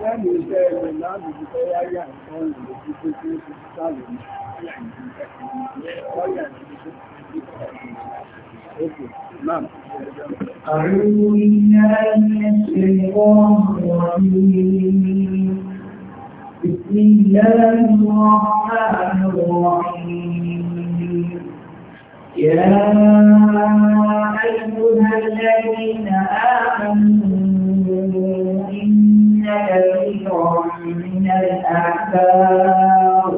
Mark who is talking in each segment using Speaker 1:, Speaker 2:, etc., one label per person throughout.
Speaker 1: Lẹ́nu iṣẹ́ rẹ̀ láàrín ìfẹ́ yáyà ní يا أيها الذين آمنوا إن كثيرا من الأحبار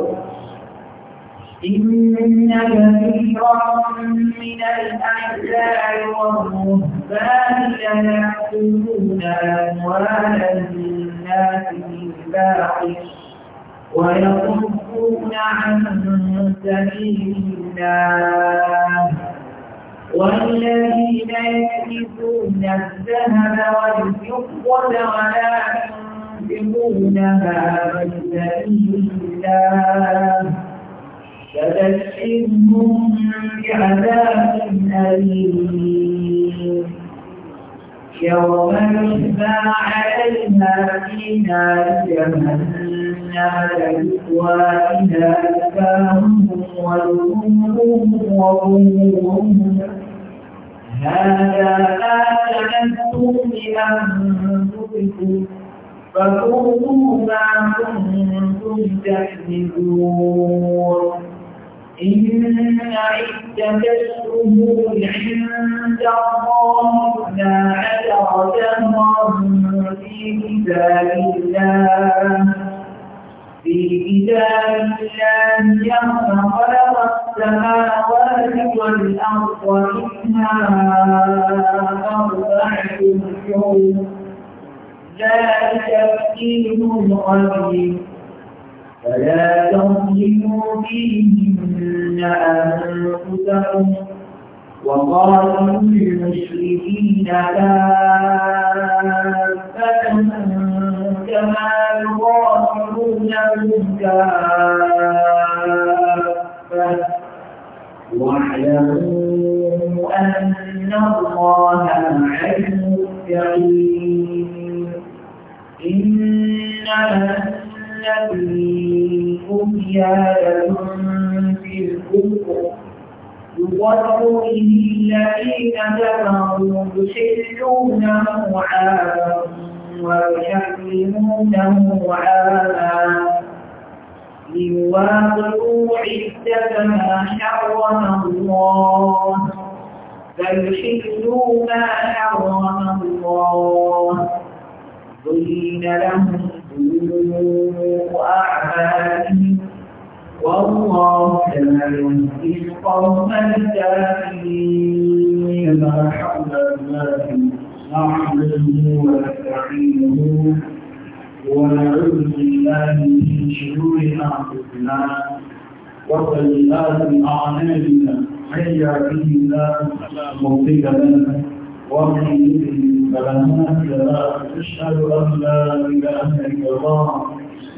Speaker 1: والرهبان ليأكلون أموال الناس بالباطل ويصدون عن سبيل الله والذين يكنزون الذهب والفضة ولا ينفقونها في سبيل الله فبشرهم بعذاب أليم يوم يحمى عليها في نار جهنم تكوى إلى أكفاهم وجنوبهم وظهورهم هذا ما تعلمتم لأنفسكم فذوقوا ما كنتم تكذبون إن عدة عند الله عشر شهرا في كتاب الله في السماوات والأرض منها أربعة شهور ذلك الدين القديم فلا تظلموا فيهن أنفسكم وقاتلوا المشركين كافة كما يقاتلونكم كافة واعلموا أن الله مع المتقين إنما الذي يا لهم في الكفر الذين كفروا يحلونه عاما ويحرمونه عاما ليواطئوا عدة ما حرم الله سوء أعمالهم والله لا يهدي القوم الكافرين إن الحمد لله نحمده ونستعينه ونعوذ بالله من شرور أنفسنا وسيئات أعمالنا من يهده الله فلا مضل له ومن يضلل فلما كذا أن لا إله إلا الله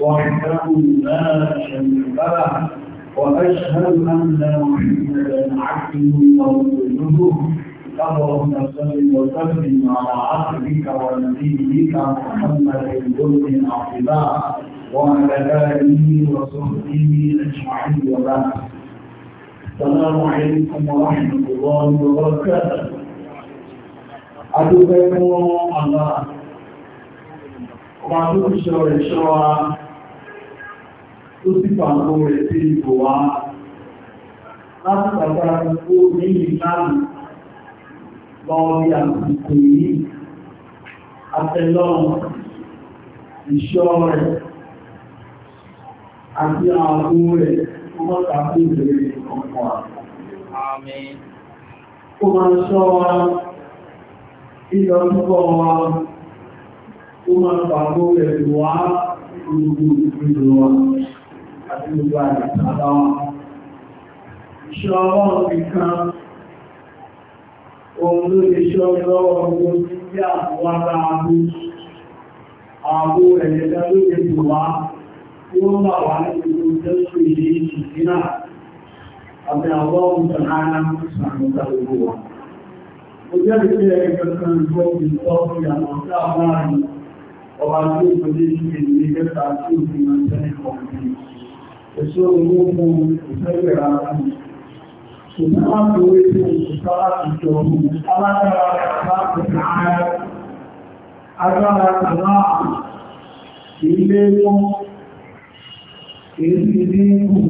Speaker 1: وحده لا شريك له وأشهد أن محمدا عبده ورسوله اللهم صل وسلم على عبدك ونبيك محمد بن عبد الله وعلى آله وصحبه أجمعين وبعد السلام عليكم ورحمة الله وبركاته adúgbẹ́ fún ọ̀nà ọmọ àdúgbìṣọ́ rẹ̀ ṣọ́wá tó sì pàmò rẹ̀ sí ìbò wá láti pàtàkì gbogbo ní ìlànà lọ bí àkùkù yìí àtẹ́lọ́rùn ìṣọ́ rẹ̀ àti ààbò rẹ̀ ọmọ tàbí ìbẹ̀rẹ̀ ọkọ̀ Àmín. Ó máa ṣọ́ wa ìlọ púpọ̀ wa ó máa pàgbó ẹ̀rù wá gbogbo ìpínlẹ̀ wa àti gbogbo àdìsára wa ṣọ́ ọlọ́run nìkan ohun ló lè ṣọ́ lọ́wọ́ gbogbo tí àwọn ará abú àbú ẹ̀yẹ̀dá ló lè tò wá tí ó bà wá ní gbogbo tẹ́sù ìdí ìsìnkú náà àti àwọn ohun tàn Mo jẹ́ ìpínlẹ̀ ẹgbẹ̀kan ìgbọ́ ìtọ́ ìyàwó sí àwọn àrùn ọba tí ó fẹ́ sí èdè mẹ́ta tí ó fi máa tẹ́lẹ̀ kọ̀ọ̀kan. Èso owó fún ìfẹ́lẹ̀ ra fún. Ṣùgbọ́n wá fi owó ètò ìfẹ́ láti jọ ọmọ alágbára láti ààrẹ. Agbára àláà ilé wọn èyí ní ìlú.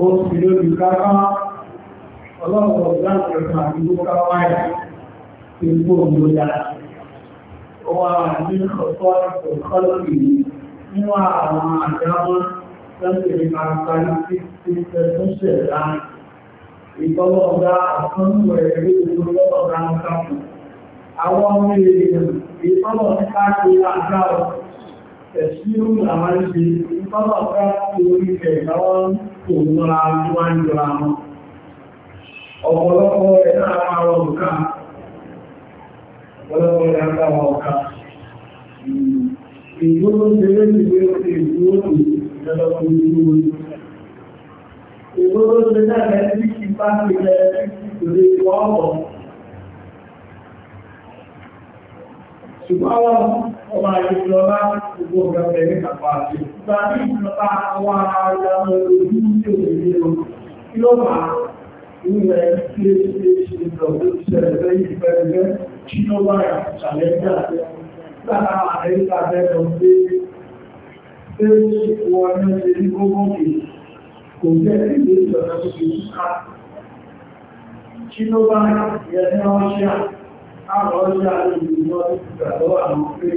Speaker 1: Ó sì lórí kákàá ọlọ́wọ́ láti ẹ̀ka àdúgbò káwáyà tí ó gbó òun ló dá. Ó wà ní ọ̀tọ́ ìkọlọ́pì nínú àwọn àdámọ́ lọ́sẹ̀ ní kàkà ní títí tẹ̀sán ṣẹ̀dá. Ìtọ́lọ́ ọ̀gá àkọ́nù ẹ̀rí ìlú lọ́ọ̀dá ń kàkù. Àwọn ọmọ èèyàn ìtọ́lọ̀ ní káàkiri àgbà ọ̀ ẹ̀sìn ọ̀pọ̀lọpọ̀ ẹ̀nà àwọn ọ̀ká ọ̀pọ̀lọpọ̀ ẹ̀nà àwọn ọ̀ká ìgbóhùn tí ó ti gbé ọ̀pẹ̀ ìgbóhùn ìjọlọpọ̀ ìgbóhùn ìgbóhùn tí náà hmm. lẹ́tí kí bá ti lẹ́tí lórí ọ̀pọ̀ ṣùgbọ́n ọmọ ìjọba gbogbo ọ̀gá pẹ̀lú àpáàtì ìgbà ní ìjọba àwọn ará ọ̀gá ọ̀rọ̀ ojú tí ó lè lérò kí ló máa ilẹ̀ pléṣpléṣ ìjọba ìṣẹ̀lẹ̀ ìfẹ́lẹ́ ṣínọ́bà ṣàlẹ́jà lára àrẹ́lá bẹ́ẹ̀lọ pé pléṣ wọn ní ṣe ní gógókè kò jẹ́ ilé ìjọba tó fi ṣúká ṣínọ́bà ìyẹn ọ́ṣíà àwọn ọ́ṣíà ìlú ìgbàlọ́ àwọn pléṣ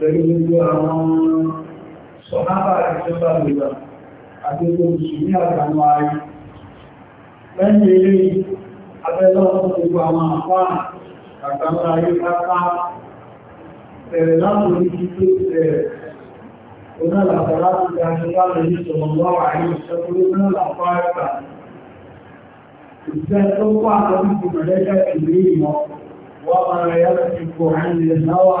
Speaker 1: pẹ̀lú gbogbo àwọn sọ̀hábà ìjọba lòdà àti gbogbo mùsùlùmí àgbàmù ayé lẹ́yìn eré abẹ́lọ́ gbogbo àwọn àfáà àgbàmù ayé pápá bẹ̀rẹ̀ látòrí kí tó bẹ̀rẹ̀ onáàlàfà láti dájú láti ní sọ̀rọ̀lọ́wà ayé ìṣẹ́kúrú onáàlàfà ẹ̀kà ìṣẹ́ tó pàtàkì mọ̀lẹ́kẹ́ ìlú ìmọ̀ wọ́n máa yára ti kò hàn lè náwà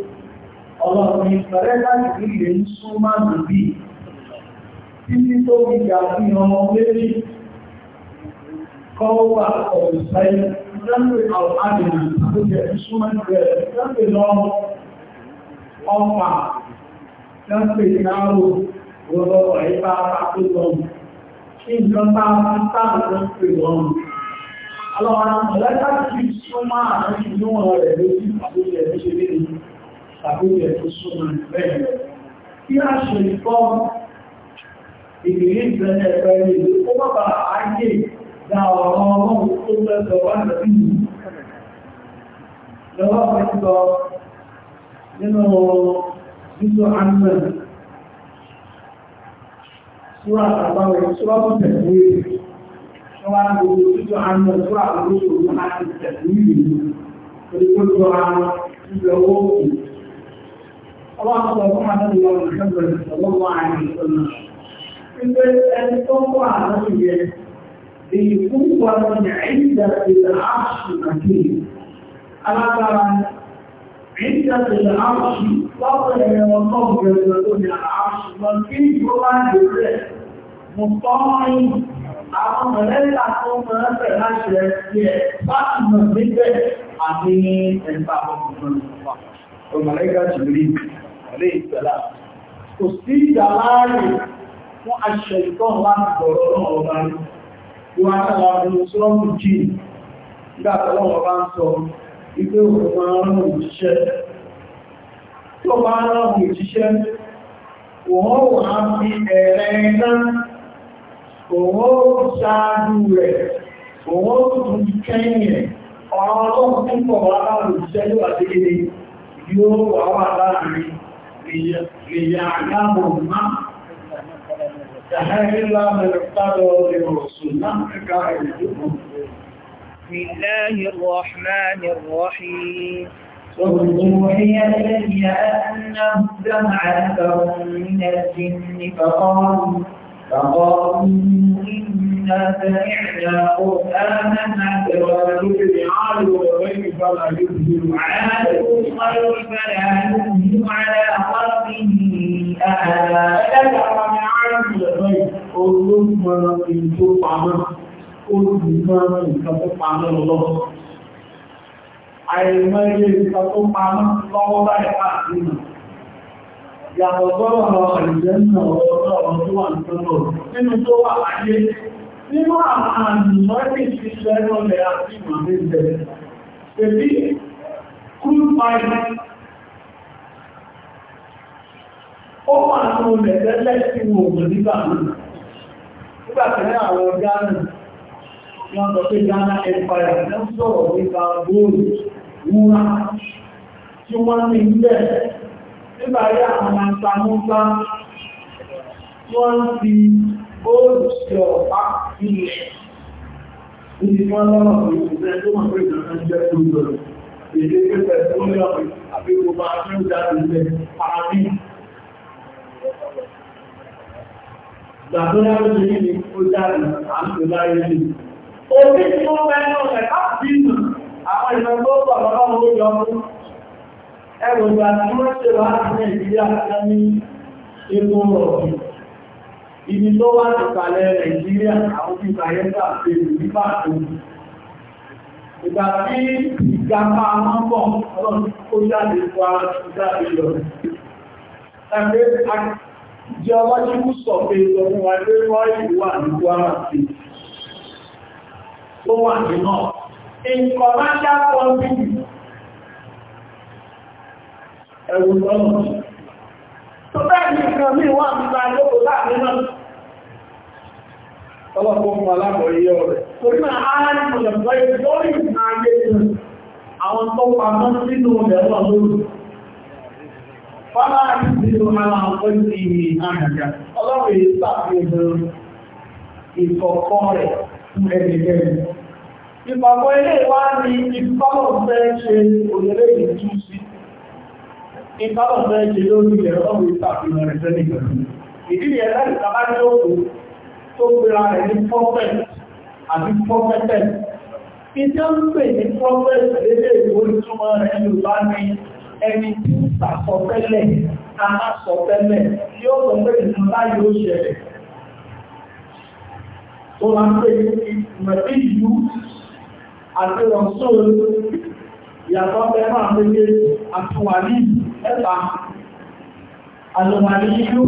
Speaker 1: ọlọ́run ìfẹ̀rẹ́ láti ilé ń sún máa lò bí títí tó fi gà sí ọmọ méjì kọ́wà ọ̀rọ̀ sáyé lẹ́gbẹ̀ẹ́ àwọn àdìmọ̀ tó jẹ́ ìsúnmọ́ ìgbẹ̀rẹ̀ lẹ́gbẹ̀ẹ́ lọ́wọ́ ọpa lọ́pẹ̀ ìdáwò gbogbo ìpa àpapọ̀lọ́m kí ìjọba táàlọ́pẹ̀ lọ́m alọ́wọ́n mọ̀lẹ́gbẹ̀ẹ́ tàbí ilẹ̀ tó súnmọ́ kí a ṣe ìfọ́ ìgbèrè ìgbẹ̀lẹ̀ ẹ̀fẹ́ ìlú ó bàbà ayé da wọ́n á gbogbo jíso àmì súra àbúrò tó máa ti tẹ̀lé ìlú اللهم صل على النبي محمد صلى الله عليه وسلم إذا أنتم عليه بقوة عند العرش مكين ألا ترى عند العرش وضع وقبر لدن العرش مكين ولا يدرك مطاع àwọn mọ̀lẹ́lá tó máa ń bẹ̀rẹ̀ láti rẹ̀ sí ẹ̀ láti mọ̀ níbẹ̀ àti ẹ̀ta ọmọ ọmọ ọmọ ọmọ ọmọ àlẹ́ ìsẹ̀lá kò sí ìjà láàrin fún aṣẹ ìtọ́n láti bọ̀rọ̀ náà ọba ní wọ́n tàbí àwọn sọ́ọ̀mù jí ìgbàtọ̀wọ́ ọba ń sọ ipé òun máa ń rán òjíṣẹ́ tí ó bá rán òjíṣẹ́ wọ́n wà fi ẹ̀rẹ́ iná òun ṣáájú rẹ̀ òun tún kẹ́yìn rẹ̀ ọ̀rọ̀ ọlọ́pùpọ̀ wà láàrin òjíṣẹ́ yóò wà ليعلموا ما الله من بسم الله الرحمن الرحيم وأوحي إلي أنه جمع أثر من الجن فقالوا فقالوا إن إنا سمعنا قرآنا عجبا يبعد وغير فلا يبدل عاده خير فلا يؤمن على قلبه أحدا ذكر من عمل الغيب قل ما من تطعمه قل ما من تطعمه الله àìmọ́lé ìtàkùnmọ́ lọ́wọ́ báyìí pàtàkì náà yàtọ̀ sọ́rọ̀ àwọn àìjẹ́ náà ọ̀rọ̀ ọ̀rọ̀ tó wà nítọ́lọ̀ nínú tó wà láyé nínú àmì ti lẹ́nu ọ̀lẹ̀ àti ìmọ̀lẹ́ ìbẹ̀rẹ̀. Èbí kúrúpàá ó wà ní olè tẹ́lẹ̀ sí òògùn nígbà náà. Nígbà tẹ́lẹ̀ àwọn Ghana, wọ́n sọ pé Ghana Empire ló ń sọ̀rọ̀ nípa góòlù wúrà tí wọ́n ní ilẹ̀. Nígbà rí bóòlù sí ọ̀pá ilẹ̀ níbi wọ́n lọ́nà ìpínlẹ̀ tó mọ̀ pé ìjọba jẹ́ tó gbọ́rọ̀ èdè pẹ́pẹ́ tó ní ọ̀pẹ́ àbí gbogbo àti ìjà ìlẹ̀ àbí ìgbàdúrà ló ní ní ó jáde àti láyé ní òbí tí wọ́n fẹ́ ní ọ̀sẹ̀ káàkiri nù àwọn ìlọ tó pọ̀ lọ́wọ́ ó yọ mú ẹgbẹ̀gbà tí wọ́n ṣe wá sí nàìjíríà ní epo rọ̀bì ibi tó wá ti pàlẹ̀ nàìjíríà àwọn tí ìbàyẹ́sà ṣe lù ní pàtó ìgbà tí ìgbàpá mọ́bọ̀ ọlọ́run kó jáde fún ara tó jáde lọ ẹgbẹ́ jẹ́ ọwájú mú sọ pé ìjọ fún wa pé wọ́n yìí wà ní tó bẹ́ẹ̀ ní nǹkan mí wà nígbà lókò láàrin náà ọlọ́pọ̀ fún aláàbọ̀ iye ọ̀rẹ́ torí náà ààrẹ mọ̀lẹ̀mọ̀ ibi lórí ìgbà ayé àwọn tó pamọ́ sínú ẹ̀rọ lórí fọ́lá àti ìlú ara àwọn ìsinmi àyàjá ọlọ́pẹ̀ ìsàfihàn ìkọ̀kọ́ rẹ̀ fún ẹgbẹ̀gbẹ̀ Ìpàpọ̀ ilé ìwá ni ìfọ́lọ̀ fẹ́ ṣe òyẹ́lẹ́ ìtúnṣ ìbábọ̀ fẹ́ ṣe lórí ẹ̀rọ ìtàkùnrin rẹ̀ sẹ́lẹ̀ ìdílé ẹ̀rọ ìtàkùnrin tó gbéra rẹ̀ ní prophet àti prophetess ìjọ ń pè ní prophet lédè ìwòlùtúmọ̀ rẹ̀ yorùbá ní ẹni tí ń sàkọtẹ́lẹ̀ amásọtẹ́lẹ̀ tí ó sọ pé ìlú láyé ó ṣẹlẹ̀ tó la ń pè mẹ̀bí ìlú àti rọ̀sọ́ọ̀lù ìyàtọ̀ ẹ̀rọ àmẹ́jẹ́ àtúwàlì ìlú ẹ̀ta alùmàlìyú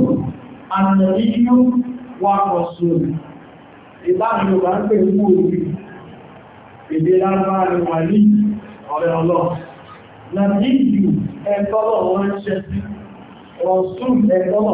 Speaker 1: ànàlìyú wà pọ̀sùn ìbáàrin bá ń pè mú orí èdè lágbàrin wà ọ̀rẹ́ ọlọ́ nàlìyú ẹ̀tọ́lọ̀ wọ́n ṣẹ́ sí ọ̀sùn ẹ̀tọ́lọ̀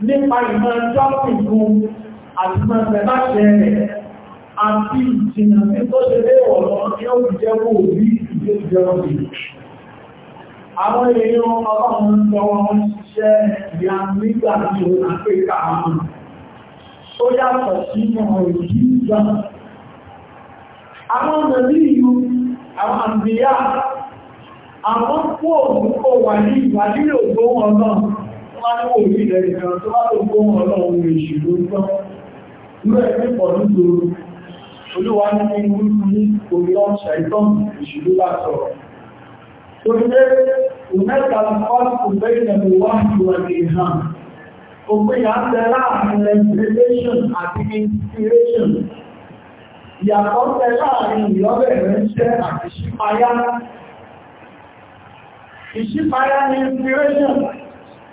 Speaker 1: nípa ìmọ̀ jọ́pìn fún àtìmọ̀ ìfẹ̀láṣẹ rẹ̀ àti ìjìnà tí tó ṣe lé ọ̀rọ̀ ní ó fi jẹ́wọ́ orí ìgbé jẹun rẹ̀. Àwọn èèyàn ọlọ́run sọ wọn ṣiṣẹ́ ìyá nígbà tí ó ń pè káàmù. Ó yàtọ̀ sínú ọ̀rọ̀ yìí jọ. Àwọn ọ̀nà ní ìlú, àwọn àmìyá, àwọn kó òun kó wà ní ìwà nílò ògbóhùn ọlọ́run bá ní òbí rẹ̀ ìkan tó bá tó gbóhùn ọlọ́run èṣù ló tán ló ẹ̀ ní pọ̀ nítorí olúwa ní ní orúkú ní orí ọ̀ṣà ìtàn èṣù ló bá sọ̀rọ̀ tó ní pé òmẹ́ta fọ́ọ̀tù bẹ́ẹ̀ ní wá ìwà ní ìhàn òpin yà ń bẹ láàrin inspiration ìyàtọ̀ ń bẹ láàrin ìyọ́bẹ̀ rẹ̀ ń ṣẹ́ àti ṣípayá ìṣípayá ní inspiration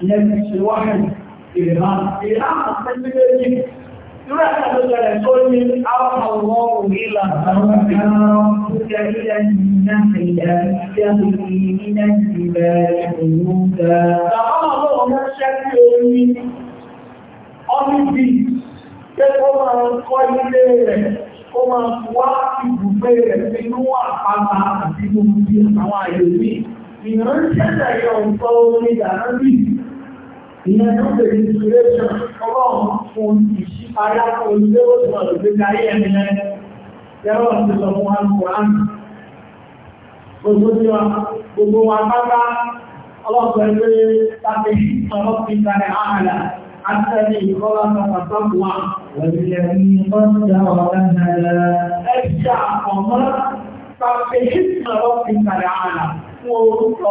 Speaker 1: ìyẹn ṣe wáhìn ìrìnàmù ìrìnàmù pẹ̀lúgbẹ́jì Ìrú ẹ̀ka tó ṣẹlẹ̀ tó ní àwọn ọmọ òmìnira àwọn ọmọ òkúta ilẹ̀ nínú ìyá ìyá ìrìnà ìbẹ̀ òmùgbà. Àwọn ọmọ ọmọ ṣẹ́kẹ́ orí ọ́fíìsì pé kó máa kọ́ ilé rẹ̀, kó máa wá ìyẹn tó lè ní inspiration ọlọ́run fún ìṣípayá fún ilé ó ti ọ̀dọ̀ gbé ayé ẹni ẹ tẹ́wọ̀ ti sọ fún wa kùrán gbogbo tí wa gbogbo wa pátá ọlọ́pàá ẹgbẹ́ tàbí ọlọ́pàá ìtàrẹ àhàlà àtẹ́lẹ̀ ìkọ́lá pàtàkùwà wẹ̀lẹ̀ ní ọjọ́ ọ̀rẹ́nà ẹ̀ṣà ọ̀mọ́ tàbí ìtàrẹ àhàlà fún orúkọ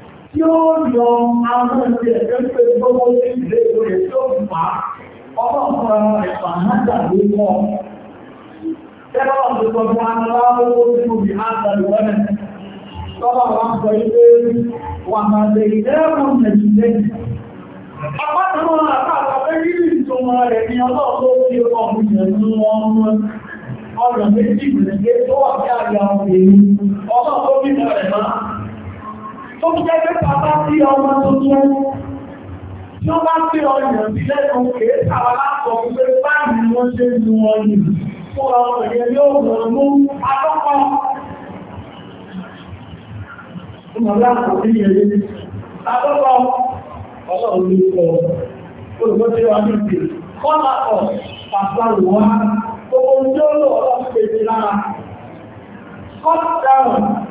Speaker 1: tí ó yọ àwọn ìrìn ẹ̀jẹ̀ pé gbogbo ní ìdílé ìròyìn ọlọ́pàá ẹ̀fà náà ló mọ́. Tẹ́lá ń sọ wọn rẹ̀ ni ọlọ́pàá ó fi ọkùnrin yẹn ní wọn mú méjì ìgbìyànjú tó wà kí àyà ọ̀gbìn ọlọ́pàá ó bí tó ń jẹ́ pé bàbá sí ọmọ tuntun tí ó bá pé ọyàn sí lẹ́nu kèé tàwa látọ̀ pé báyìí ni wọ́n ṣe lu ọyàn fún ọmọ ìyẹn yóò rọ̀ mú akọ́kọ́ Ìmọ̀lá kò ní ẹ̀yẹ. Àkọ́kọ́ ọlọ́run ló kọ olùkọ́ tí wọ́n ní ìpè kọ́lá ọ̀ pàṣà wọ́n gbogbo tí ó lò ọlọ́run pèsè lára. Cut down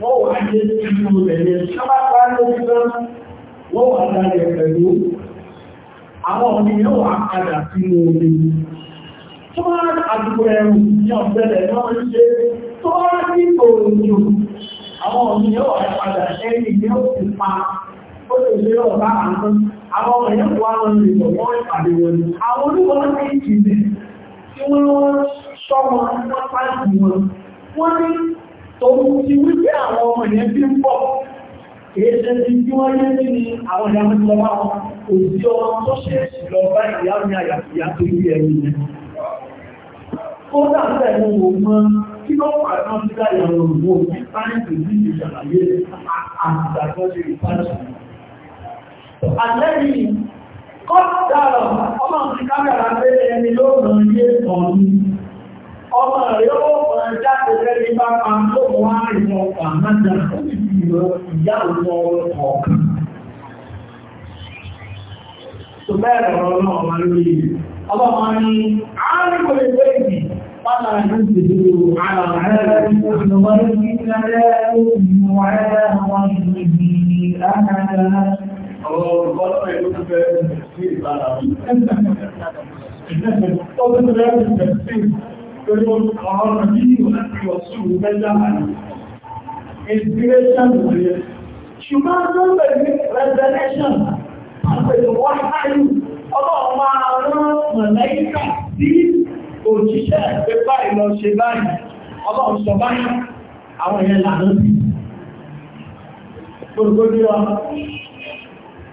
Speaker 1: wọ́n wà ní inú rẹ̀ sábàpá lórí lọ́nà wọ́n wà dáadẹ̀ pẹ̀lú àwọn ọmọdé wà padà sí omi tó wá àdúgbò ẹ̀rùn ní ọ̀gbẹ̀lẹ̀ náà ń ṣe tó wá sí òòrùn àwọn ọmọdé wà padà ẹni ní ó ti pa ó lè ṣe ọ̀bá àwọn àwọn ọmọ ẹ̀kọ́ àwọn ìrìnbọ̀ wọ́n ìpàdé wọn àwọn oníwọ̀n ní ìjìnlẹ̀ tí wọ́n sọ́mọ wọ́n pàdé wọn wọ́n ní tòun ti wípé àwọn ọmọ ìyẹn fi ń pọ̀ èéṣẹ́ ti bí wọ́n yẹ́ ní ni àwọn ìyá mẹ́tọ́ bá wọn kò sí ọmọ tó ṣe lọ bá ìyá ní àyàfìyà tó rí ẹni yẹn ó dàbẹ̀ ní ọmọ kí ló pàdé wọn sílá òwò ní sáyẹ́ǹsì ní ìṣàlàyé àtàkọ́sí ìpáṣẹ àlẹ́yìn kọ́ dára ọmọ sí pé ẹni ló yé ọ̀run ọmọ rẹ̀ ó máa jáde lẹ́ni bá pa tó wá ìmọ̀ àmàdà ìyá Tó bẹ́ẹ̀ rọ̀rọ̀ náà máa lórí ọba máa ní àárín kò lè gbé ìdí ní ìpínlẹ̀ Ọ̀rọ̀ ọ̀rọ̀ ìlú ti fẹ́ sí ìbára. Ọdún tó lẹ́yìn ìfẹ́ sí ìbára torí àwọn ọmọ nínú láti ọ̀sùn mẹ́lá àrí inspiration wòye ṣùgbọ́n tó ń pẹ̀lú resurrection àpẹẹrẹ wọ́n áyù ọlọ́ọ̀mọ àrùn mọ̀lẹ́kà sí òjíṣẹ́ pépà ìlọ́ṣe báyìí ọlọ́ọ̀sọ báyìí àwọn ìyẹn lànà sí gbogbo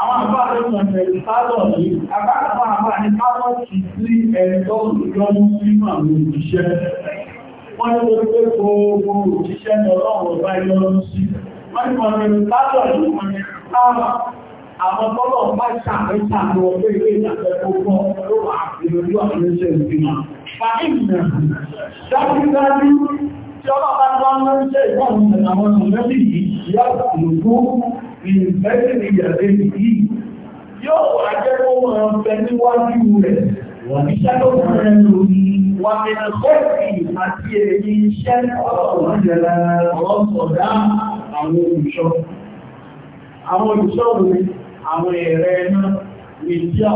Speaker 1: àwọn àbára ìrìnàjò ìpálọ̀ yìí agbára àbára ní pálọ̀ ti sí ẹ̀tọ́ ìjọ́nú nínú àwọn òṣìṣẹ́ wọ́n ní ó pé gbogbo òṣìṣẹ́ ọlọ́run ọba ìyọ́nú sí wọ́n ní wọ́n ní pálọ̀ yìí wọ́n ní pálọ̀ àwọn bọ́lọ̀ bá ṣàmẹ́ta àwọn ọgbẹ́ ilé ìjàfẹ́ gbogbo ló wà àfihàn ojú àwọn ẹ̀ṣẹ́ ìgbìmọ̀ tí ọlọ́ bá gbọ́ ń lórí jẹ́ ìwọ̀n àwọn ọmọdé yìí yọ́ lòkú ìrìnfẹ́sì ní ìyàdé yìí yóò wà jẹ́ kó mọ̀ ọ́n fẹ́ níwájú rẹ̀ wọ́n ní iṣẹ́ tó fún rẹ̀ lórí wà ní ọgọ́sì àti èyí iṣẹ́ ọ̀rọ̀ ìjẹ̀lẹ̀ ọ̀rọ̀ sọ̀dá àwọn olùṣọ́ àwọn olùṣọ́ rẹ̀ àwọn ẹ̀rẹ́ náà lè jẹ́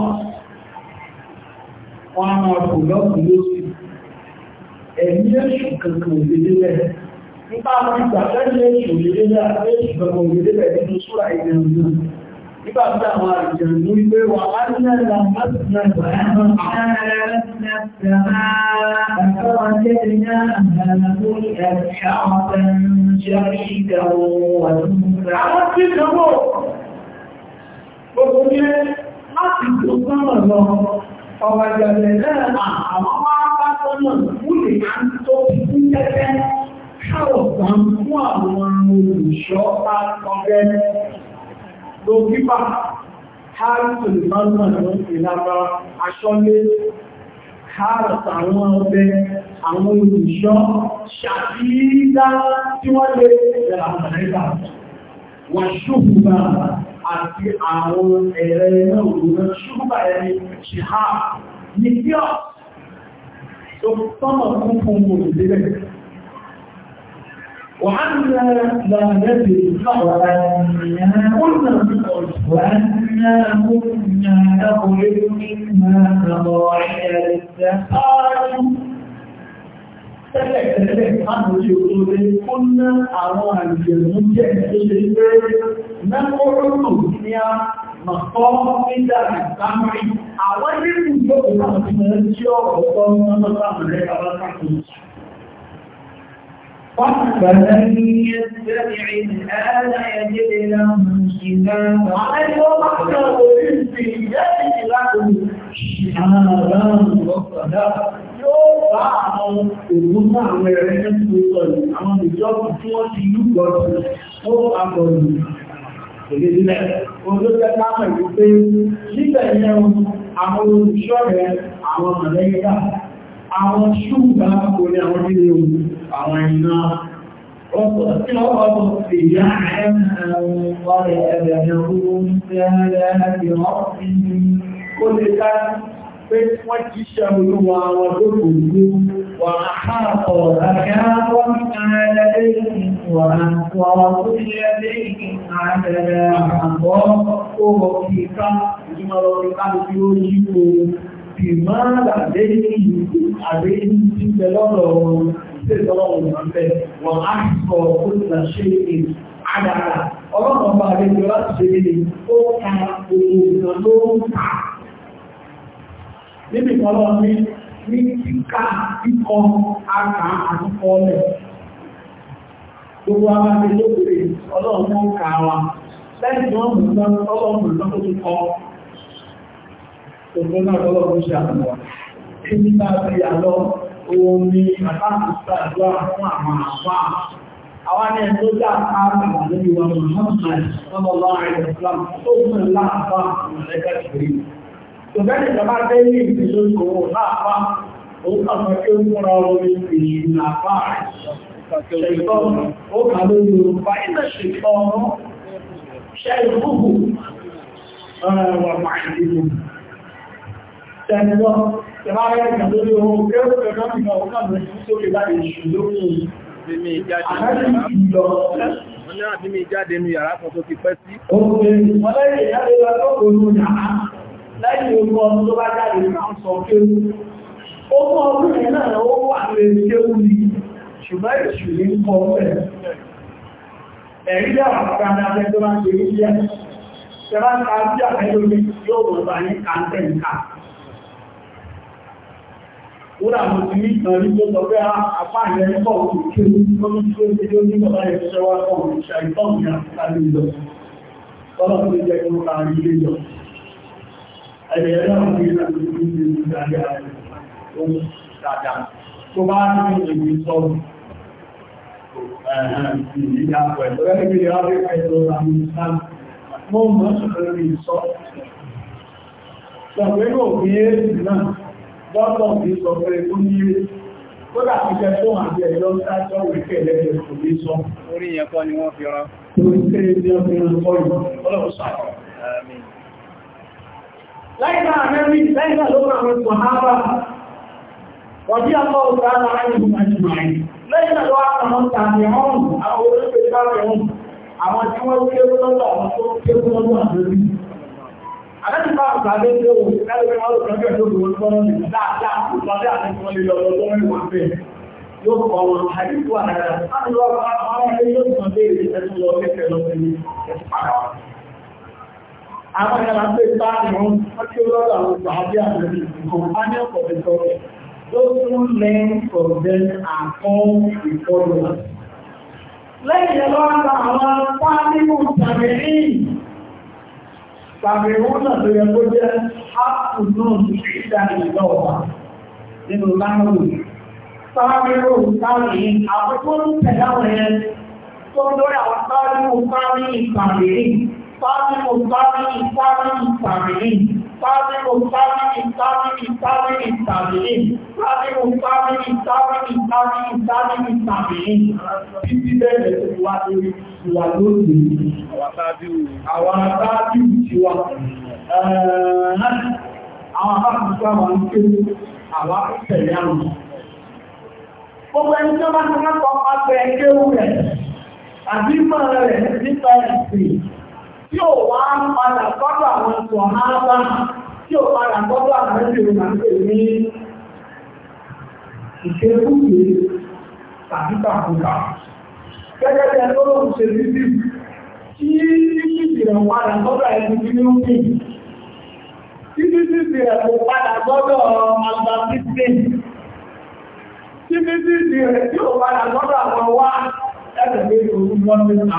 Speaker 1: wọ́n á máa kò lọ́kùn lóṣù ẹ̀mí èṣù kankan òdèdè nípa àwọn ìgbà tẹ́lẹ̀ èṣù òdèdè rẹ̀ tí àwọn àrìjẹ̀rùn ní ọ̀rọ̀ ìjọ̀lẹ̀ náà àwọn máa bá sọ́nà fúlì kan fún àwọn olùṣọ́ ọ̀rẹ́ ló pípa hálùtù lọ́nà ló ń fi lára aṣọ́lé hálùtù àwọn ọbẹ̀ àwọn olùṣọ́ ṣàfihàn tí wọ́n lè rẹ̀ àwọn àrẹ́bà wọ́n ṣùgbọ́n àti àwọn ẹ̀rẹ́ iná òwúrẹ́ ṣúgbà ẹni ṣìhá ní bí ọ̀ tó tọ́mọ̀ fún fún olùdílẹ̀. وعنا لا ندري قلنا وأنهم نغلب منها فضاعية للسحار tẹ́lẹ̀tẹ́lẹ̀ káàkiri òṣèré ó ná àwọn àjẹ̀mú jẹ́ ìṣẹ́ṣe pé mẹ́kọ́rọ́nù ní a mọ̀kọ́ nígbà ìkámọ́rí àwọn nínú yóò náà ti mọ̀ tí ọ̀rọ̀ ọ̀tọ́ mọ́mọ́ta mọ̀lẹ́ abákàtúntì فمن يتبع الآن يجد له شهابا عليه وحده في يده له شهابا وصداقا yóò bá àwọn òun náà àwọn ẹ̀rẹ́ ní ìpòsọ̀lù àwọn ìjọ́kù tí wọ́n ti lú lọ́dún ó àbọ̀lù ìrìnlẹ̀ olóṣẹ́ láàrín wípé nígbẹ̀ yẹn àwọn olùṣọ́ rẹ̀ àwọn mọ̀lẹ́gbà àwọn ṣúgbà kò ní àwọn ilé ohun àwọn iná ọ̀pọ̀ tí ó ọ̀pọ̀ ìyá ẹ̀mọ̀ ọ̀rẹ̀ ẹ̀rẹ̀ pé wọ́n ti ṣe olúwa wọn tó kò ní wà ápọ̀ àgbáwọn ààrẹ́lẹ́gbẹ̀rẹ̀ wà àwọn orílẹ̀-èdè ààrẹ àpọ̀ owó kíká ìjúmọ̀lọ́ kíká tí ó yí kò bí máa làdé ní ìlú àgbé ní ti bẹ lọ́rọ̀ ìṣẹ́lọ́rọ̀ ìrànlẹ́ wà ápọ̀ Ọlọ́run ọba àrẹ́jọ láti ṣe nílé ó ká ogun ìrànlọ́rùn-ún níbi ìpọ̀lọ́ ní ní kíkà kíkọ àkà àti kọlẹ̀ gbogbo àwọn àti lókèrè ọlọ́ọ̀mọ́ kà wá lẹ́yìn tí wọ́n mú lọ ọlọ́ọ̀mù lọ́kọ́ tó kọ́ òfin náà lọ́lọ́ọ̀mù ṣe àtàwà èyí bá ti àlọ́ ohun ni bàbá àtúntà àdúrà fún àwọn àfà àwọn ní ẹ̀tọ́ dá àpáàrà lórí wa mọ̀ ṣùgbẹ́ni ìjọba tẹ́ ní ìpìlú ìkòwò láàpá òun kàfẹ́ kí ó múra orí ìlú láàpá ṣẹ̀tọ́ ó kà lórí orúkọ ilẹ̀ ṣẹ̀tọ́ ṣẹ́ ìkúhù ọ̀rọ̀ wà ìdílé tẹ́lọ́ ìbára ẹ̀kà lórí ohun kẹ́rù kẹ́rù kẹ́rù kẹ́rù kẹ́rù kẹ́rù kẹ́rù kẹ́rù kẹ́rù kẹ́rù lẹ́yìn ogun ọdún tó bá jáde náà sọ kéwú ogun ọdún yẹn náà ó wà lè kéwú ni ṣùgbọ́n èṣù ní kọ́ bẹ́ẹ̀ ẹ̀rí jẹ́ àwọn àkàrà tó bá ṣe rí jẹ́ ṣẹba ń ka bí àkẹ́lómi yóò ní kàńtẹ̀ nǹka ẹ̀yẹ̀ náà ní ìlànà ìlú ìdájá rẹ̀ ó ń dáadáa tó bá ní ìlú sọ́rọ̀ ìdápọ̀ ẹ̀tọ́ rẹ̀ ní ìrọ̀lẹ́ ẹ̀tọ́ àmì ìsáàmù mọ́ mọ́ sọ̀rọ̀ ìsọ́ ṣọ̀pẹ́rù òfin èèdì náà dọ́tọ̀ fi sọ pé ó ní ilé ó dàbí jẹ́ tó àti ẹ̀yọ́ sájọ́ ìfẹ́ lẹ́yẹ̀ kò ní sọ orí yẹn kọ́ ni wọ́n fi rán láìka àmẹ́rí láìka ló rà wọn sọ̀hábà wọ̀dí àpá òṣà aláàrínú àjùmáì láìka ló àtàwọn tàbí ọ̀hún àwọn olóògbé láàrẹ̀ ọ̀hún àwọn tí wọ́n ké lọ́lọ́ àwọn tó ké lọ́lọ́ àbẹ́rí àdájúbá òṣà lẹ́gbẹ́ òṣèlú ẹgbẹ́ wọn lọ́gbẹ́ tó lọ́gbẹ́ wọn lọ́gbẹ́ wọn lọ́gbẹ́ wọn lọ́gbẹ́ wọn lọ́gbẹ́ wọn lọ́gbẹ́ yóò kọ wọn àdíkù àdára láti lọ́wọ́ àwọn ilé ìsọ̀lẹ́ ìrẹsẹ̀ lọ kẹ́kẹ́ lọ sí ẹ̀sùn padà wọn àwọn ìyára pé báyìí wọ́n tí ó lọ́dọ̀ àwọn ìpàdé àjẹ́bí companion for the topic those who learn from them are called the followers. lẹ́yìn ẹ̀lọ́ àgbà àwọn pálíwù tàbí tàbí wọ́n náà tó yẹ kó jẹ́ ápù náà ìdá ìlọ́wà nínú lánàá sáàrírò sáàrí àpòtó tẹ̀láwẹ̀ tó lórí àwọn sáàrírò sáàrí ìpàdé fámìlì fámìlì fámìlì fámìlì fámìlì fámìlì fámìlì fámìlì fámìlì fámìlì fámìlì fámìlì fámìlì fámìlì fámìlì títí bẹ̀rẹ̀ ìwà lórí ìwà lórí àwọn àtàbí ìtiwà àwọn àbáṣùgbà wà ń ké àwọn tẹ̀lé àwọn gbogbo ẹni tó bá ti rákọ̀ọ́ pàtẹ ẹgbẹ́ rẹ̀ àbí mọ̀ rẹ̀ nípa ẹ̀sìn tí ó wá padà gbọ́dọ̀ àwọn ìtò àmáàbá tí ó padà gbọ́dọ̀ àwọn ìrìn àti ní na tàbí tàbùkà. Gẹ́gẹ́ bí ẹni ṣe rí sí kí ìṣìṣìrẹ̀ padà gbọ́dọ̀ ẹni tí ó kò padà gbọ́dọ̀ tí padà gbọ́dọ̀ àwọn wá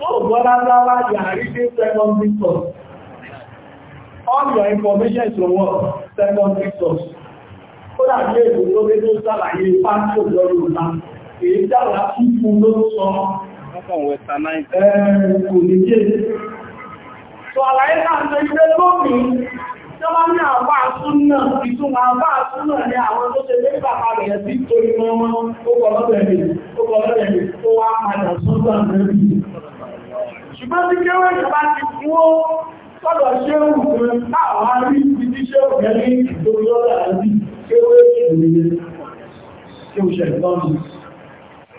Speaker 1: ó gbọ́lá láwá yàrí dé secondary source all your information is your work secondary source ó dàbí èdè tó lé tó sàlàyé pàtó lọ́rọ̀ ìlà èyí dára tún fún ló sọ kò ní jẹ́ so àlàyé náà ṣe ilé lónìí tó bá ní àwọn àtúnnà ìtumọ̀ àwọn àtúnnà ní àwọn tó ṣe lé bàbá rẹ̀ sí torí wọn ó kọ̀ lọ́bẹ̀rẹ̀ ó kọ̀ lọ́bẹ̀rẹ̀ tó wá padà sọ́dọ̀ ṣùgbọ́n tí kéwé ìjọba ti fún ó sọ́dọ̀ ṣéwù àwọn arí títí ṣéwù gẹ́lẹ́ ìdórí lọ́dọ̀ àti kéwé ìrìnlẹ̀ ṣéwù ṣẹ̀tọ́nù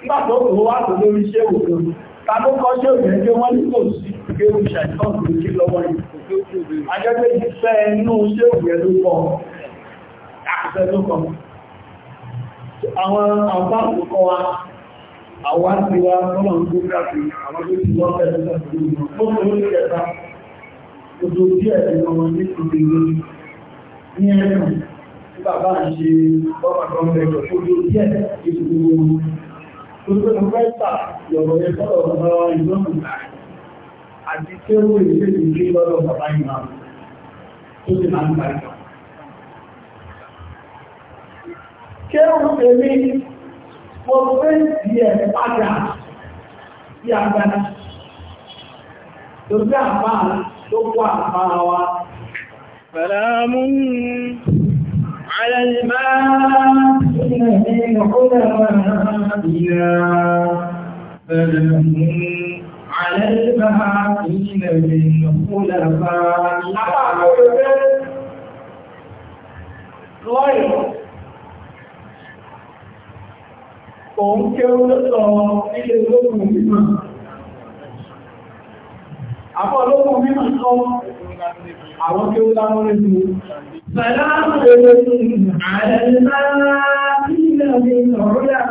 Speaker 1: nígbà tó kò wá kò lórí ṣéwù kan ta ló kọ́ ṣéwù gẹ́lẹ́ tí wọ́n ní kò sí kéwù ṣẹ̀tọ́nù lókè lọ́wọ́ yìí ajẹ́gbẹ́ ìfẹ́ inú ṣéwù gẹ́lẹ́ pọ̀ àṣẹ tó kọ àwọn àbá àkókò wa àwọn ti wá lọ́nà ń gbé káàkiri àwọn tó ti lọ́pẹ́ ẹ̀sẹ̀ tó ń lọ lẹ́ta ojú díẹ̀ nínú wọn ní ìpínlẹ̀ lórí ní ẹ̀sùn tí bàbá ń ṣe ọmọdọ́mọdẹ́gbẹ̀ ojú díẹ̀ ìpínlẹ̀ lórí tó tó tó fẹ́ tà lọ́rọ̀ yẹn sọ́rọ̀ ọ̀rọ̀ ìlọ́rùn àti tí mo fẹ́ ìdíyẹ padà sí agbára lórí àpá tó kó àpá wa Fẹ̀lámú Àyàyìmá ìrìnàmí òun kéwú lọ́sọ̀ nílé olókùn mímọ̀. Àpọ̀ olókùn mímọ̀ sọ àwọn kéwú lámọ́rẹ́ sí. Sàlámù ẹgbẹ́ sí àìlá nílẹ̀ ní ọ̀rọ̀lẹ́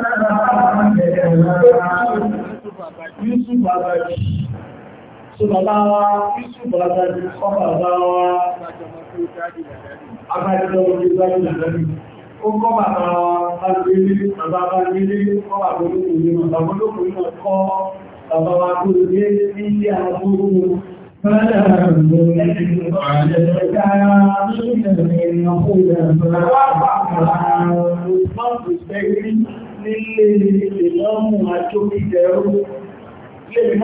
Speaker 1: Yusuf Abaji. So bàbá wa, Yusuf Abaji, ọ bàbá wa, agbájọ́ ọmọdé gbájú ìdàgbàjú ó kọ́ bàbá agbèlé bàbá agbèlé kọ́ àgbòlókùnrin náà bàbá olókùnrin náà kọ́ bàbá agbòlókùnrin ní ilé àgbòrò Fọ́lá àrùn ìrìn àjẹ́jẹ́ ara ní ìrìn àkójẹ́ ìrìn àkójẹ́ ìrìn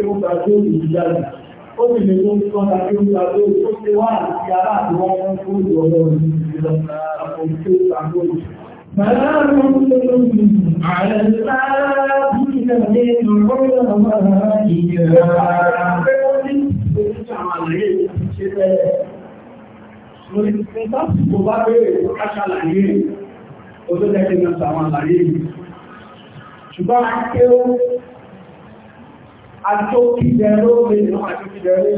Speaker 1: àkójẹ́ ìrìn àkójẹ́ ó jẹ́ kí ní ọ̀sán àwọn àlàyé. Ṣùgbọ́n a kí ó àjọ ìjẹ ló lè lọ àti ìjẹ lé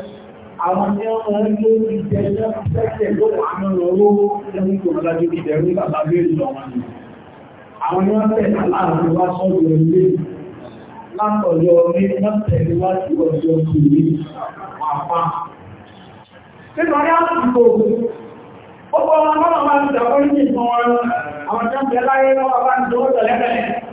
Speaker 1: àwọn tí wọ́n máa ń lé ìjẹ jẹ́ sẹ́kẹ̀ ló wà ní ọ̀rọ̀ lórí kò lọ́dá jẹ́ ìjẹ lé bàbá lé ìjọ wọn àwọn ni wọ́n tẹ̀lé aláàrin wá sọ́dọ̀ ilé látọ̀yọ ní wọ́n tẹ̀lé wá sí ọjọ́ kìí àpá nítorí àsìkò ó bọ́ wọn lọ́nà máa ń dàbọ́ ní ìfọ̀n wọn àwọn jẹ́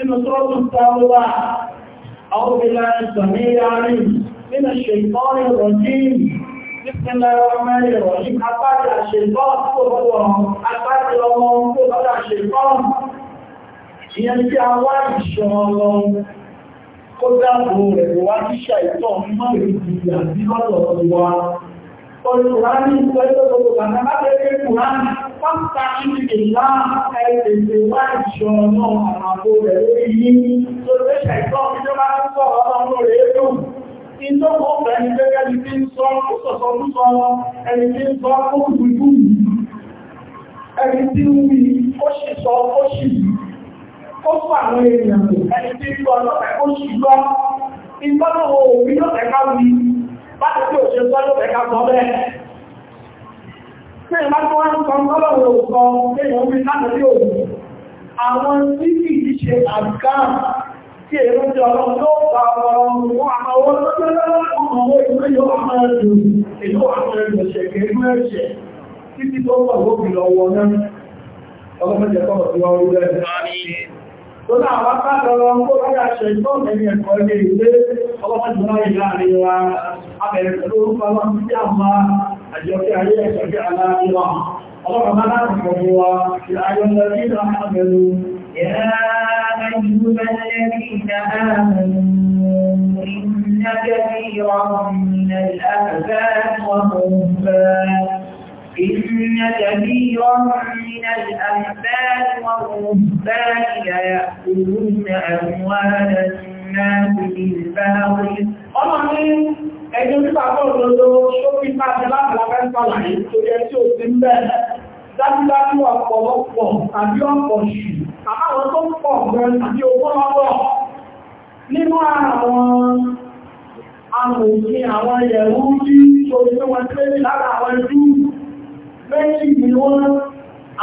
Speaker 1: nínú sọ́ọ̀tù tàwọ́wà أعوذ بالله السميع العليم من الشيطان الرجيم بسم الله الرحمن الرحيم أبعد الشيطان هو أبعد الله هو الشيطان ìyẹn tí a wá ìṣọ́ ọlọ́run kó dáàbò rẹ̀ wá ní ṣàìtọ́ mọ́ ìrìnlẹ̀ àti lọ́dọ̀ wa Olùkùnrin ìgbẹ́jọ́ gbogbo bàbá bá bẹ́rẹ̀ Kùránì, pàtà ìdìdì ńlá ẹgbẹ̀gbẹ̀ wá ìṣọ́ náà àwọn àbò rẹ̀ lórí yìí tó lẹ́ṣẹ̀ ìtọ́ ìjọba ń sọ ọmọ rẹ̀ lò. Ìjọ́ kó fẹ́ ní gẹ́gẹ́ bí tí ń sọ ọ̀sọ̀sọ̀ ń sọ ẹni tí ń sọ ó kù ikú. Ẹni tí ń wí ó sì sọ ó sì ó fún àwọn èèyàn ẹni tí ń sọ ọlọ́pẹ́ ó sì gbọ́. Ìgbọ́nà òwú yóò báyìí tí ò ṣe sọ́jọ́ ẹ̀ká sọ bẹ́ẹ̀. Ṣé ìmá tó wá ń sọ ọlọ́run òkọ pé ìwọ̀n fi láti rí òun? Àwọn tí kì í ṣe àgbà tí èrò ti ọlọ́run ló pa ọ̀rọ̀ wọn àwọn ọlọ́run lọ́wọ́ ìwé yóò tó náà wá pàtàkì wọn kó rí àṣẹ ìgbọ́n ẹni ẹ̀kọ́ ilé ilé ọlọ́pàá ìlàrin wa abẹ̀rẹ̀ pẹ̀lú orúkọ wọn tí a máa àjọkẹ́ ayé ẹ̀ṣọ́kẹ́ aláàríwá ọlọ́pàá máa láti pẹ̀lú wa ìlàjọ́ lọ sí ìlàmọ́bẹ̀lú يا أيها الذين آمنوا إن كثيرا من الأحزاب إن كثيرا من الأحبار والرهبان ليأكلون أموال الناس بالباطل ọlọ́rin ẹgbẹ́ nípa tó lọ́lọ́ ṣókí pàtẹ lábàlábẹ́ sọ́làyé tó yẹ tí ó ti ń bẹ̀rẹ̀ dájúdájú ọ̀pọ̀lọpọ̀ tàbí ọ̀pọ̀ ṣù àbáwọn tó pọ̀ gan tàbí ogúnlọ́pọ̀ nínú àwọn amòfin àwọn ẹ̀rú méjì ni wọ́n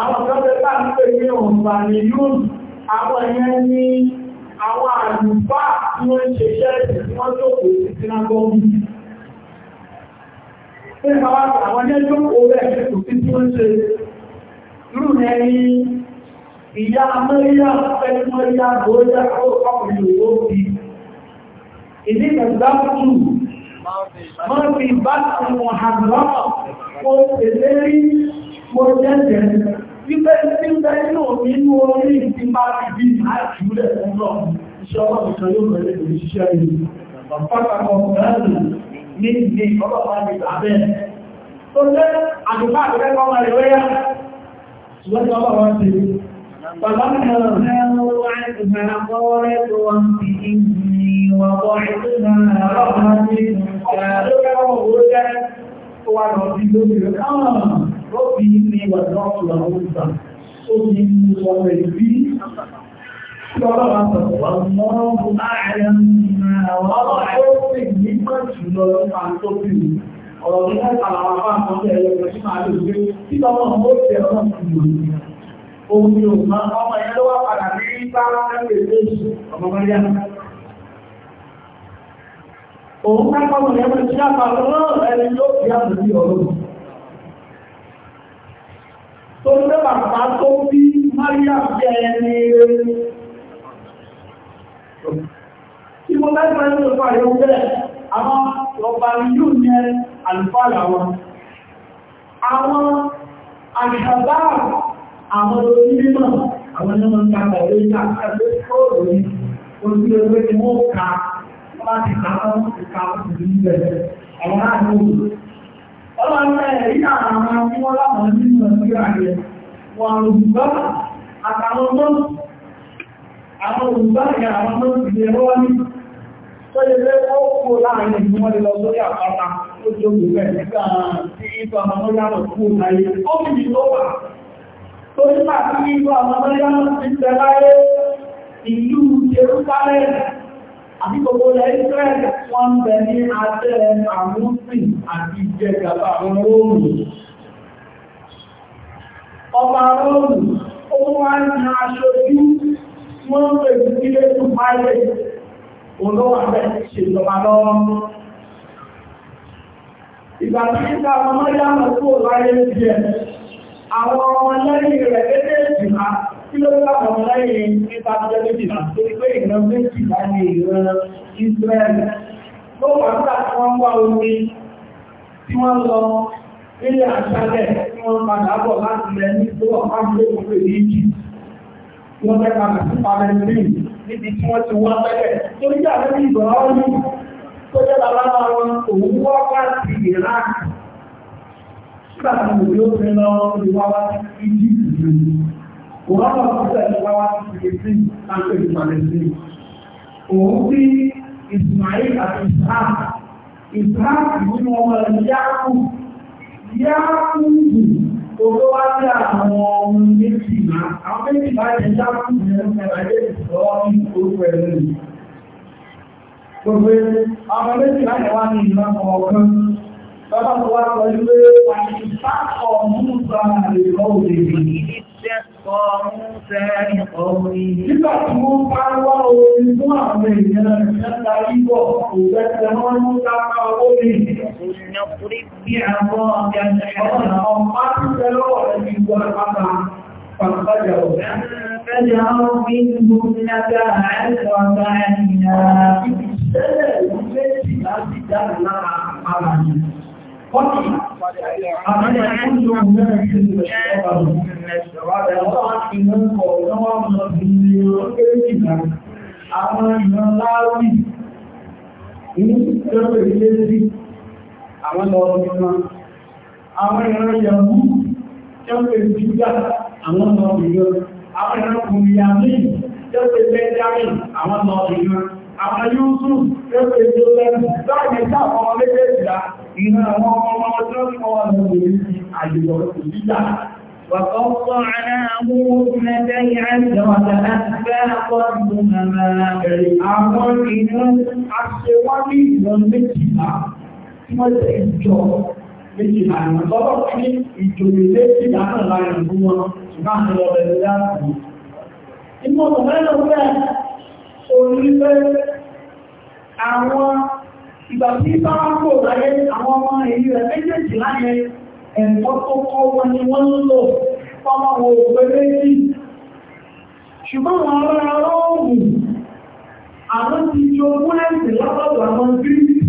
Speaker 1: àwọn ọ̀dọ́dẹ́ bá ń pè ní ọ̀nà ní yóò àwọn ẹ̀yẹn ní àwọn àlùfà tí wọ́n ń ṣe ṣẹ́ẹ̀sì tí wọ́n jókòó sí sínágọ́gù Ìyá Amẹ́ríà pẹ̀lú Mẹ́ríà Gòójá ọkùnrin òwò bí. Ìdí ìgbàgbàkùn, mọ́rin bá ti wọ̀n àgbàmọ̀ mo tèlé rí mo jẹ́jẹ́ wípé tí ń bẹ inú mi inú orí ti máa fi bí àjúlẹ̀ fún lọ iṣẹ́ ọmọ ìkan yóò bẹ̀rẹ̀ lórí ṣiṣẹ́ yìí pápákọ̀ mẹ́rin ní ní ọlọ́pàá ní abẹ́ tó jẹ́ àdúgbà àgbẹ́kọ́ máa rẹ̀ wẹ́yà ṣùgbọ́n tí ọlọ́pàá wọn ti Bàbá mi ó wá lọ sí lórí rẹ̀ ah, ó fi ní ìwà lọ́pùlà òǹtà ó fi mú ọmọ ìbí lọ́lọ́wà sọ̀rọ̀ mọ́ọ̀bù láàrin àwọn ọ̀rọ̀ ó sì nígbà jùlọ nípa tó fi ọ̀rọ̀ ní ẹ̀ta àwọn afá àkọsẹ̀ ẹ̀yọ̀ tí máa lè gbé tí lọ́wọ́ ó tẹ̀ ọ́nà sí lòdì ohun yóò máa ọmọ ìyẹn ló wá padà ní bá ẹgbẹ̀rẹ̀ ọmọ mọ́lẹ́yà òun kápọ̀lù ẹgbẹ́ tí a pàtó náà ẹni yóò fi àtúrí ọlọ́run tó ń lé bàbá tó bí Máríà jẹ ẹni rẹ̀ tí mo lẹ́gbẹ́ ń lọ pàdé ọgbẹ́ àwọn ọba yóò ní àlùfáàlà wọn àwọn àṣàbá àwọn onímọ̀ àwọn ẹni ń ta ọ̀rẹ́ ìjà àti ẹgbẹ́ kọ́ọ̀rọ̀ ní ojú ẹgbẹ́ ni wọ́n ka láti kàtà láti kàtà ìbílẹ̀ àwọn àìmọ̀. Ọlọ́run ẹ̀rí àwọn tí láwọn nínú ẹgbẹ́ ààrẹ wà lòdùbá àtàwọn ọmọ àwọn olùgbà ìyà àwọn ọmọ ìgbẹ̀ ẹ̀rọ ní tó yẹ pé ó láàrin ìlú wọn lọ sórí àpáta jẹ́ nígbà tí àwọn ọmọ kú láyé ó fi àti gbogbo ilẹ̀ Israel wọ́n bẹ ní abẹ́ àmúsìn àti ìjẹgàba àwọn róòmù ọba róòmù ó wá ní aṣojú wọ́n pè ní ilé tó báyé olówó abẹ́ ṣèjọba lọ́wọ́ ìgbà tí ìgbà ọmọ yàmọ̀ tó láyé jẹ àwọn ọmọ lẹ́yìn rẹ̀ kéde ìjìnlá kí ló bá kọ̀mọ̀ lẹ́yìn nípa jẹ́ méjì náà tó ní pé ìran méjì bá ní ìran Israẹli tó wà nígbà tí wọ́n wá omi tí wọ́n lọ nílé àṣálẹ̀ tí wọ́n padà bọ̀ láti lẹ ní tó ọ̀pá ilé òkú èyí jì wọ́n fẹ́ padà sí palestine níbi tí wọ́n ti wá pẹ́lẹ̀ tó ní jàdé ìgbà ọ́nù tó jẹ́ bàbá wọn òun wọ́ láti Iraq nígbà tí òun yóò fi lọ ìwà wá sí Egypt Wàhálà ọ̀pọ̀lọpọ̀ ìjọba wá ti fi àpè ìpàdésí. Òun bí Ismail àti Ishaq. Ishaq nínú ọmọ Yáàkù. Yáàkù òkú wá sí àwọn ọmọ méjì máa. Àwọn méjì máa jẹ Yáàkù nínú ẹ̀rọ ìṣòro ní orúkọ ẹ̀rọ yìí. Gbogbo àwọn méjì máa jẹ wá ní ìlú ọkàn. Bàbá tó wá sọ wípé àti Ishaq ألقى موسى لقومه nígbà tí wọ́n bá wá orin fún àwọn èèyàn ìṣẹ́ta ìbọ̀ kò bẹ́ẹ̀ wọ́n mú dáka owó mi ìrìnà orí bí àwọn ọ̀gá ìṣẹ́ta ọmọ tí tẹ́lọ́wọ̀ rẹ̀ ti wọ́n pátá فانفجروا فجعوا منهم نباع الربعين قتل أمن كل الناس Àwọn ọmọ àwọn ìran ìyàwó jẹ́pẹ̀ jùgbà àwọn ọmọ ìran, àwọn ìran kùnrin yàmí jẹ́pẹ̀ lẹ́jáàmì àwọn ọmọ ìran, àwọn yóò tún jẹ́pẹ̀ jùgbà láàrin sáà ọmọ méjèèjì ẹ̀dá iná àwọn ọmọ ọjọ́ ìwọ̀n wà lórí àjẹ́jọ́ òṣìṣà وقطعناه اثنتي عشرة أسباطا أمما àwọn inú aṣewọ́lì ìwọ̀n méjìlá tí wọ́n tẹ ìjọ méjìlá ìwọ̀n tọ́lọ́ fún ìjòyè àwọn ìgbà tí sáwọn kò láyé àwọn ọmọ èyí rẹ̀ méjèèjì láyé ẹ̀kọ́ tó kọ́ wọn ni wọ́n ń lò fọ́mọ wọn ò pé méjì ṣùgbọ́n wọn rárá lọ́wọ́gùn àwọn ti ju ogún ẹ̀sìn látọ̀dọ̀ àwọn gírísì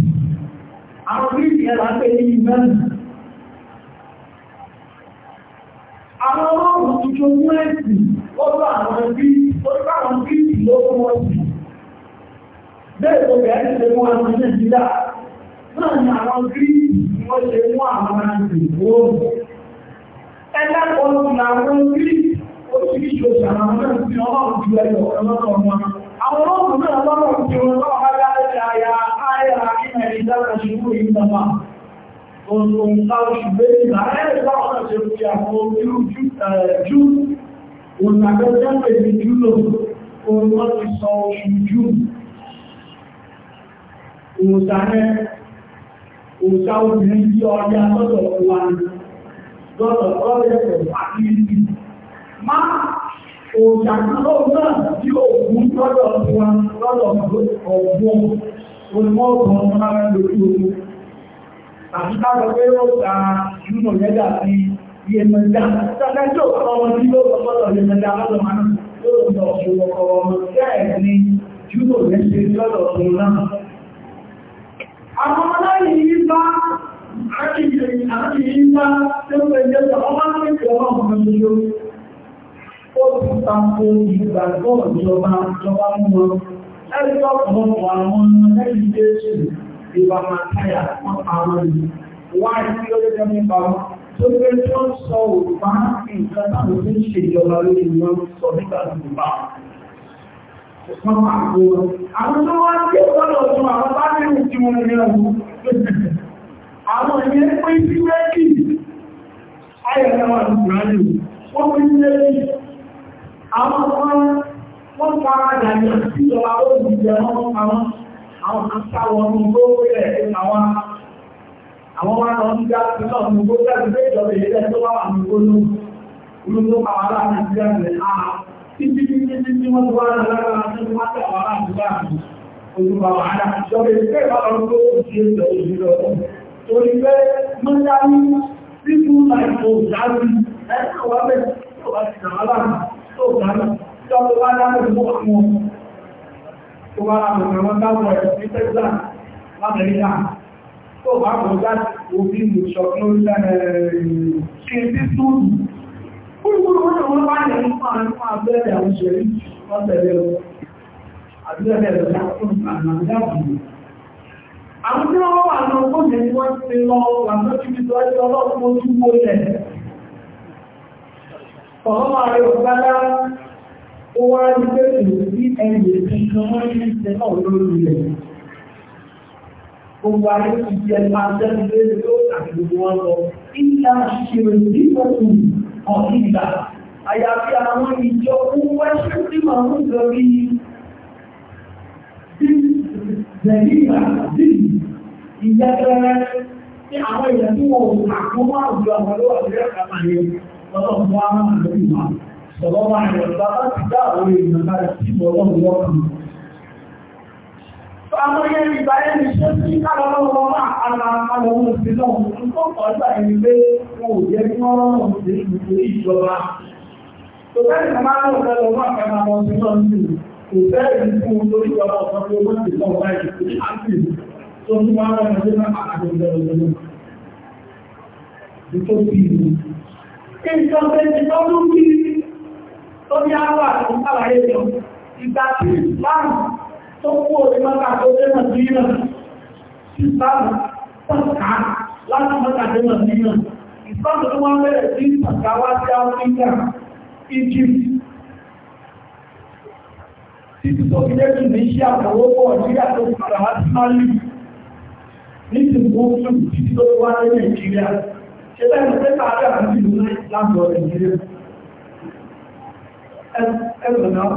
Speaker 1: àwọn gírísì ẹ̀ lápẹ́ ní ìmẹ́rin àwọn ọlọ́run ti ju ogún ẹ̀sìn lọ́dọ̀ àwọn gírísì lọ́dọ̀ àwọn gírísì lọ́dọ̀ wọn sí bẹ́ẹ̀ tó bẹ̀ẹ́ ti ṣe mú àwọn nàìjíríà náà ni àwọn gíríkì wọ́n ṣe mú àwọn àjòkó ẹlẹ́kọ̀ọ́ làwọn gíríkì oṣìṣẹ́ òṣàwọn náà ti ọlọ́run ju ẹyọ ọlọ́run wọn àwọn ọlọ́run náà lọ́rọ̀ tí wọn náà bá dáadáa àyà àyà ìmẹ̀ ìdára ṣubú ìdàmà òun ká oṣù méjì láàárín ẹ̀dá ọ̀nà ṣe fi àwọn ojú jù òun àgbẹ̀jẹ̀ pẹ̀lú jù lò òun wọ́n ti sọ oṣù jù òòṣà rẹ̀ obìnrin tí ọjà lọ́dọ̀ wa lọ́dọ̀ ọ̀rẹ́sẹ̀ àti ìlú máa òòṣà náà tí òògùn lọ́dọ̀ wa lọ́dọ̀ ọ̀gbọ́n olùmọ́ọ̀gbọ̀n ọmọ lójú ogun àti káàkiri pé ó ta ìrúnà lẹ́dà sí yẹmẹ̀dá sákájọ́ ọmọ tí ó lọ́pọ̀lọ̀ yẹmẹ̀dá lọ́dọ̀ máa ń lọ́dọ̀ ọ̀ṣọ́ ọkọ̀ ọmọ àwọn ọlọ́rin yìí bá akìyìn àti yìí bá tí ó fẹ́ jẹ́ ọmọ akẹ́kẹ́ ọlọ́run lójó ó ti tako ìgbàgbọ́ ìjọba ìjọba mú wọn ẹ̀rí ọ̀pọ̀lọpọ̀ àwọn ẹ̀rí jésù ìbámu àtàyà wọn àwọn ìlú wáyé tí ó lé jẹ́ nípa wọn Tóbi tó ń sọ òpá nǹkan táwọn tó ń ṣèjọba lórí wọn sọ nígbà tó bá wọ́n máa kó wọn. Àwọn tó wá tí ó lọ tún àwọn bá ní ìrìn tí wọ́n ní ọ̀hún. Àwọn ìyẹn pé sí rẹ́kì, ayẹ̀rẹ̀ wà ní Ìrànlẹ̀. Wọ́n pín sí rẹ́kì. Àwọn kan wọ́n fara dàgbà sí ìjọba ó ti jẹ wọ́n pamọ́. Àwọn kan sáwọn ọmọ tó rẹ̀ àwọn àwọn wá lọ ń dá sí náà ní gbogbo ìjọba ìjọba ìjọba àwọn olóògùn. Olóògùn àwọn aláàbí títí títí títí wọ́n tó wá lára àti wọ́n tẹ̀ wọ́n láti bá àmì olùbà wàhálà ìjọba ìgbé ìbára tó ṣe ìjọ òṣìlọ torí pé mọ́láwí títú láìpò ìdájú ẹ̀kọ́ wá bẹ̀ tó bá ti dàmálà tó dàmà ìjọba wá dámọ̀ ìmú àwọn tó wá láàmù ìrọ̀wọ́n dámọ̀ ẹ̀ ní tẹ́gbà lábẹ̀ríyà tó bá kọjá òfin ìṣọ̀kan lẹ́ẹ̀ẹ́ Gbogbo àwọn abẹ́rẹ́ àwọn ìṣẹ̀lẹ̀ ni wọ́n ti lọ wà lọ́jú bí lọ́jọ́ ọlọ́run mo tún wó lẹ̀. Ọ̀rọ̀ ó wá ní pé sí ẹni kankan ní ìṣẹ́ lórí rẹ̀. Gbogbo ọ̀gígbà àyàfi àwọn ìjọ wẹ́ṣẹ́ tí máa ń lọ bí zẹ̀lígbà bí ìjẹ́gbẹ̀rẹ̀ tí àwọn èèyàn tí wọ́n àkọ́mọ́ àjọ àwọn olóòrẹ̀ kàmà ní ọlọ́pàá Àwọn ẹni ìgbà ẹni ṣe sí kálọ́lọ́ wọn máa ara àwọn ohun ìpínlẹ̀ òun tó kọ̀ ọ́gbà ẹni pé wọn ò jẹ́ kí wọ́n rọrùn sí ìpínlẹ̀ ìjọba. Tó bẹ́ẹ̀ ni máa ń lọ lọ wọ́n àkàrà àwọn ọmọdé náà ní kò bẹ́ẹ̀ ní fún un lórí ọmọ ọ̀sán tó wọ́n ti lọ́wọ́ láì sí àti tó ń wá wọn ọmọdé náà àti ìjọba. Nítorí ìlú. Ìjọba ti tọ́lú kí ó tó kú òní mọ́ta tó dé Màdínà ìsáàmù pàtàkà láti mọ́ta dé Màdínà ìsáàmù tó wọ́n bẹ̀rẹ̀ sí pàtàkà wá sí Áfíríkà Egypt títí tó fi lẹ́tù ní iṣẹ́ àtàwọ́pọ̀ Nàìjíríà tó padà wá sí Mali ní ti gbóòtù títí tó wá ní Nàìjíríà ṣe bẹ́ẹ̀ mẹ́ta àti àti ìlú láti ọ̀ Nàìjíríà ẹgbẹ̀rún náà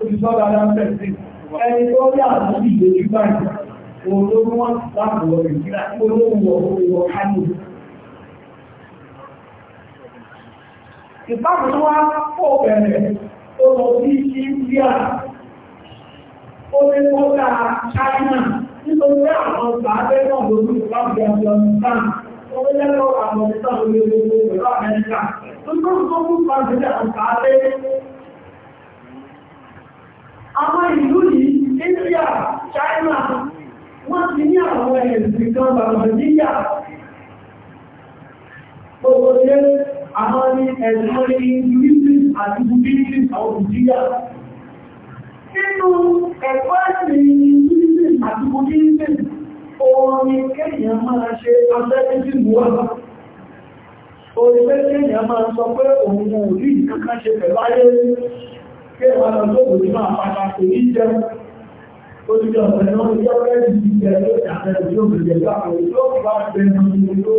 Speaker 1: ó ti sọ́dọ̀ adáńtẹ̀ sí ẹni tó rí àwọn ìdè jù báyìí olówó wọn láàbò rẹ̀ nígbà olówó owó kánò. ìpapò wá kó bẹ̀rẹ̀ tó lọ sí India ó ní kọ́ta China nítorí àwọn sàábẹ́ náà lórí láti Afghanistan ó ní lẹ́kọ̀ọ́ Afghanistan lórí gbogbo pẹ̀lú Amẹ́ríkà. Nítorí tó kú pàṣẹ àwọn sàábẹ́ àwọn ìlú yìí India China wọ́n ti ní àwọn ẹ̀sìn kan bàbá níyà gbogbo ṣe àwọn ní ẹ̀sìn orí Hinduism àti Buddhism àwọn Nàìjíríà nínú ẹ̀kọ́ ẹ̀sìn Hinduism àti Buddhism orin kéèyàn máa ṣe athleticism wọ́n orin kéèyàn máa sọ pé òun ò rí ìkankan ṣe pẹ̀lú ayé kéwàá lọ lóògùn nínú àpáta kò ní jẹ́ olùjọ ọ̀sẹ̀ náà ní ọ̀rẹ́ ìdí jẹ́ lórí àfẹ́ ìlú òbíjẹ́ láàrín ìlú ọ̀pá bẹnu ìlú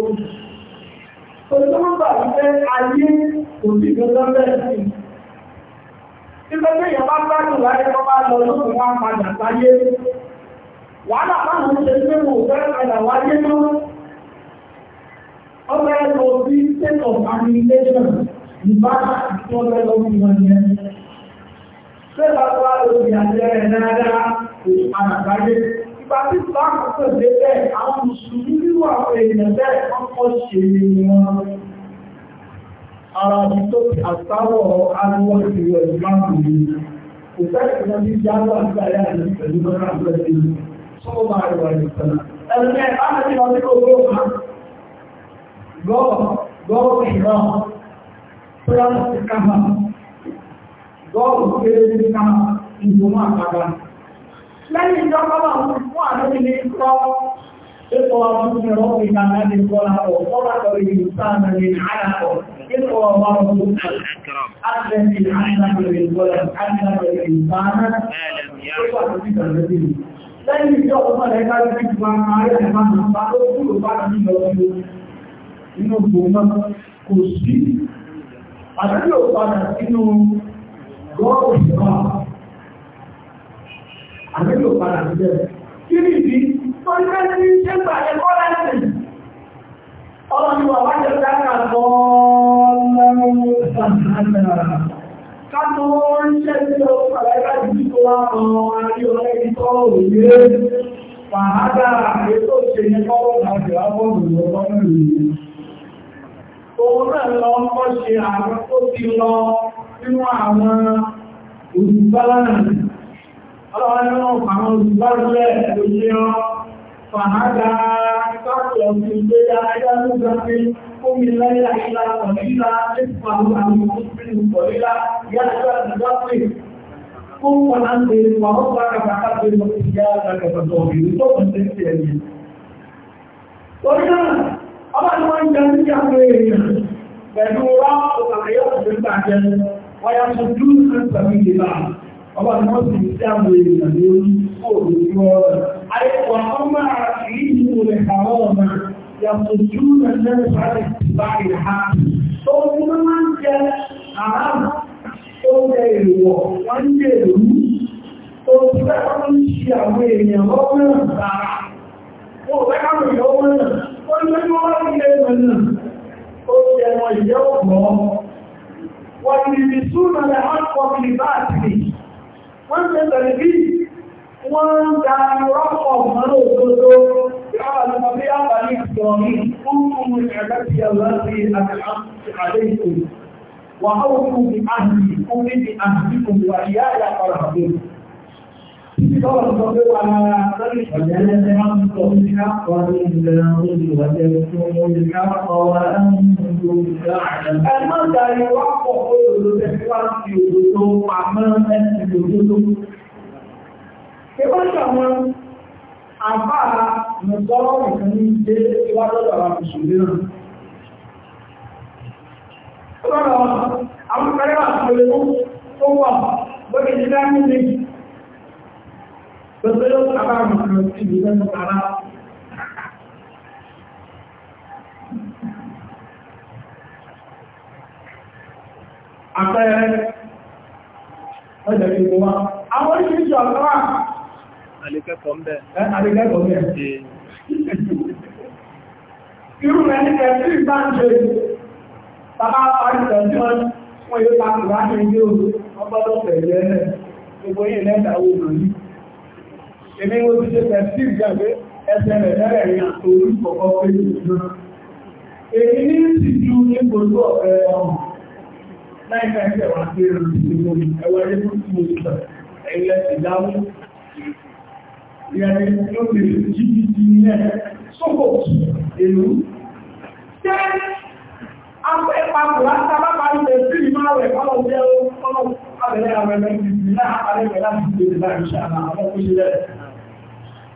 Speaker 1: Olùdókòwò àti ayé òbí gbọ́dọ̀ bẹ́ẹ̀ sí. Ibẹ̀ tí ìyàbá gbádùn láyé tó bá lọ lóògùn wá Ṣébà tó wá ló fi àjẹ́rẹ̀ dáadáa kò padà báyé. Ìgbà tí Ìsìláàmù tó dé bẹ́ẹ̀, àwọn Mùsùlùmí nínú àwọn èèyàn bẹ́ẹ̀ wọ́n kọ́ ṣe ni wọn. Ara mi tó fi àsáwọ̀ aláwọ̀ ìrọ̀ ìmáàmù mi. Kò sẹ́yìn tí wọ́n ti já lọ bọ́ọ̀lù kéré ní ká ìgbóná àgbàgbà. lẹ́yìn ìjọba fún àlóyìn ní kọ́ ipò ọdún ọdún ìlànà ní kọ́lá ọ̀ kọ́lá kọ́ ìlú sáàmì ní àyàkọ̀ ipò ọba ọdún àtẹ́sì àyàkọ̀ ìgbọ́lá àyàkọ̀ ìgbàna ipò àti ìgbàlódé lẹ́yìn ìjọba fún ẹ̀ka ìgbàlódé ìgbàna àyàkọ̀ ìgbàna tó kúrò bá nínú gbòmọ́ kò sí àdúgbò padà sínú wọ́n kò sí wọn. Àbí yóò padà sí bẹ́ẹ̀. Kí ni ìdí? Wọ́n fẹ́ sí ṣẹ́gbà ẹ̀kọ́ lẹ́sìn. Ọlọ́ ni wà wájọ dáka gan-an Ká tó ń ṣẹ́ sí ọ pàlẹ́gbà jù tó wá kan àrí ọ̀rẹ́ nínú àwọn olùgbàlánà ọlọ́wọ́ nínú àwọn olùgbàlẹ̀ òye ọ fàága sọ́pọ̀ sí ilé ayá lóga pé omi lẹ́yà ìlà ọ̀lẹ́lá nípa àwọn òṣìṣẹ́ ìpọ̀lẹ́lá yàtọ̀ àdúgbàpè fún wọn á ṣe wà ó bá kàkàkà pé lọ sí ìyá àgbàgbàgbà òbí tó kàn sí ti ẹ̀yìn. Torí náà, ọba tí wọ́n ń jẹ ní ìyàwó èèyàn pẹ̀lú rọ́ọ̀kù àyọ̀kù wáyá tó dúró sẹ́ńtà mi lè ọba ni wọ́n sì sí àwọn èèyàn ní orí fóònù tí wọ́n rẹ̀. àìkò máa rí ìlú rẹ̀ àwọn ọ̀nà yàtọ̀ dúró sẹ́ńtà mi bá rẹ̀ ha. tó ní máa ń àárọ̀ tó ń jẹ èrò wọ́n ń ṣe àwọn wọ́n ti rí súnà lẹ́ ọ̀pọ̀ bí báàtì wọ́n ti tẹ̀lé bí wọ́n ń da rọ́pọ̀ mọ́rọ̀ òdodo yàrá lọ́mọ bí àbálí ìtọ̀ọ̀mí fún ọmọ ìrẹ̀lẹ́sì aláàbí àti àdéhùn á wọ́n fún mi الحق àwọn ìṣòlérò. Ó lọ́rọ̀ àwọn tó wà bọ́kẹ̀ ìdámí lè gbogbo yóò bá bá mọ̀rọ̀ sí ìlú lẹ́nu ara àpẹẹrẹ ọjọ́ ìgbò wa àwọn oríṣiríṣi ọ̀sọ́wà àlékẹ́kọ̀ọ́ ń bẹ̀ àlékẹ́kọ̀ọ́ ń bẹ̀ irú rẹ̀ ní kẹ̀sí ìgbàǹjẹ́ bàbá parí tẹ̀sí wọn wọ́n yóò pa kùrá ní ilé òru ọgbọ́dọ̀ pẹ̀lú ẹ̀ gbogbo yìí lẹ́ta owó èmi wo ti ṣe pẹ̀sí ìgbàgbé ẹsẹ̀ rẹ̀ lẹ́rẹ̀ ní àtòrí kọ̀kọ́ pé ìjọba èyí ní sì ju ní gbogbo ọ̀fẹ́ ọmọ láìka ẹsẹ̀ wà pé ìrìnlẹ̀ ẹwà ilé tó ti mo ti sọ ẹ̀yẹ ìdáwó ìyàrá ló lè jìbìtì ní ẹ̀ sókò èlú tẹ́ afẹ́ papọ̀ láti abáparí lè sí ìmáà rẹ̀ kọ́lọ̀ jẹ́ ọlọ́pàá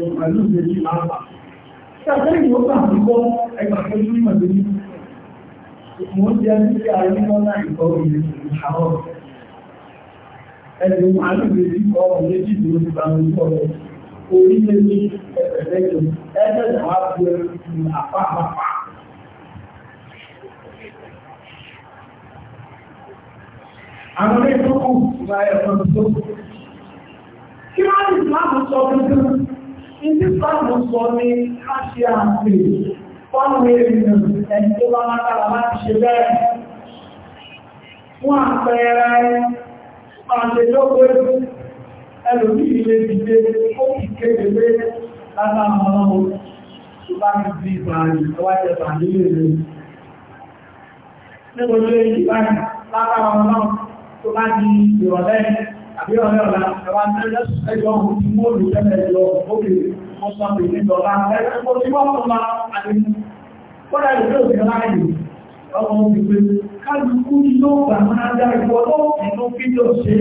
Speaker 1: yóò pẹ̀lú ìdèjì kọ́ méjì tó ti bá mi sọ lọ. Orí ní ẹ̀ẹ́dẹ́gbẹ̀rún. Ẹgbẹ̀rún wá bu ẹrù àpá àpá. Àwọn ilé tó kù máa ẹ̀fọn tó. Kí wọ́n ti máa Ibi sáàmù sọ ní káṣí àti fọ́nà èèyàn ẹni tó bá lágbára láti ṣe bẹ́ẹ̀. Wọ́n àpẹẹrẹ àṣẹjọ́gbé ẹlòmí ilé dìde ó ti kéde lé lára àwọn ọmọ tó bá ní bí ìbàrí ọwájẹ́ ìbàrílé rẹ̀. Nígbòjó ìbàrí ìrọ̀lẹ́ àbí ọ̀rẹ́ ọ̀la ẹwà mẹ́rẹ́ ẹjọ́ ohun tí mọ́ lù tẹ́lẹ̀ lọ òkè mọ́sánbì nílọ́lá ẹgbẹ́ tí wọ́n tó máa àdínú kọ́dá ìlú òfin láàyè ọmọ òfìgbé kálukú ló bà máa dá ìwọ́ lọ́pìnú fídíò ṣe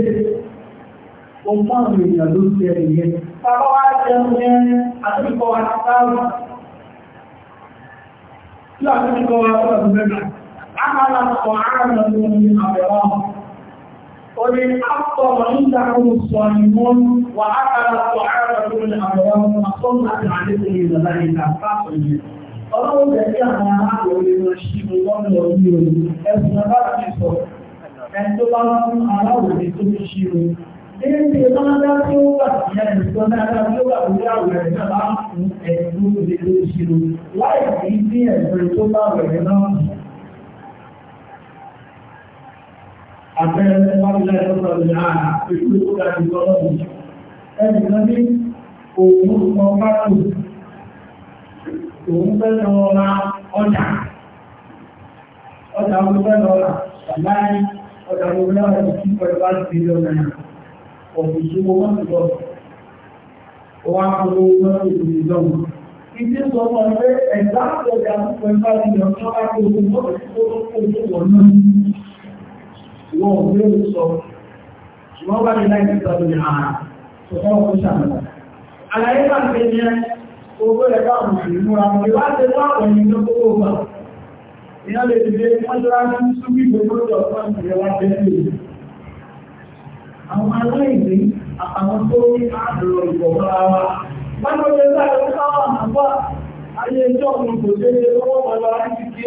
Speaker 1: ọmọ ènìyàn ló ti ẹ̀yẹ bàbá wá jẹun yẹn àtúnkọ wa sáárù tí àtúnkọ wa sọ̀rọ̀ mẹ́ta Orí àpọ̀mọ̀ ìdáhùn sọ ìmọ́n wà ákàrà sọ ààrẹ tó ní àwọn akọ́mọ̀ àti àdékò ìrọ̀lá ìta fáfọ̀ yìí. Ọlọ́run jẹ́ kí àwọn aráàlú orí lọ sí mi wọ́n lọ Ilé tí ó tí ó wà sí ẹni tó dáadáa tí ó wà lórí àwẹ̀ rẹ̀ fún ẹ̀sùn lórí lórí sí mi. Láì tó bá wẹ̀ náà àpẹẹrẹ pàtílẹ̀ ọ̀pọ̀ ìrìn àà pẹ̀lú ìpòdà ìgbọ́lọ́dún ẹni kan ní òun kan pàtó òun fẹ́ lọ ra ọjà ọjà òun fẹ́ lọ ra ṣàmáyé ọjà òun lára ìsí pẹ̀lúbá ti lọ náà ọ̀pọ̀ ìṣòwò wọ́n ti lọ ó wá kó ló wọ́n ti lè lọ́wọ́ Ìdí sọ mọ́ pé ẹ̀dá ọjà pẹ̀lú bá ti lọ sọ́wọ́ kó ló mọ́ wọn ò gbé ń sọ ṣùgbọ́n bá ní láìsí sọ́dọ̀ ní ààrùn tó kọ́ ọkọ̀ ṣàmùlá bá ń pè ní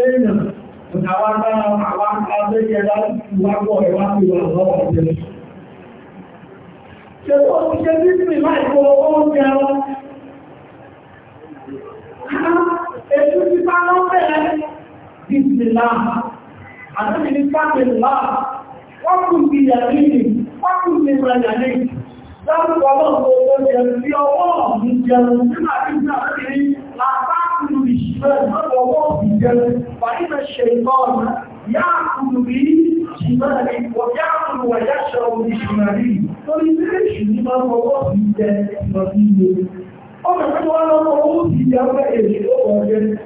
Speaker 1: ẹ Àwọn agbára àwọn agbẹ́jẹ láti wákọ̀ ẹ̀wá ti wà lọ́wọ́ ọ̀jẹ́. Ṣé ó ti ṣe bíbí láì kó oúnjẹ wọn? Èṣù ti bá wọ́n bẹ̀rẹ̀ bíbí láà. Àtúnṣe ní pàtẹ láà. Wọ́n kù sí ìyàrí ni, wọ́n kù sí ìrànlẹ̀ ní. Dáàbò ọlọ́run owó jẹun sí ọwọ́ ọ̀hún jẹun nígbà tí ìgbà tí lápá يأكل بالشمال هذا الله جل فإن الشيطان يأكل بالشمال ويأكل ويشرب بشماله فلذلك لما الله جل فيه ọmọ ìpínlẹ̀ wọn lọ́wọ́ owó ti jẹ́ ọgbẹ́ èdè lọ́wọ́ jẹ́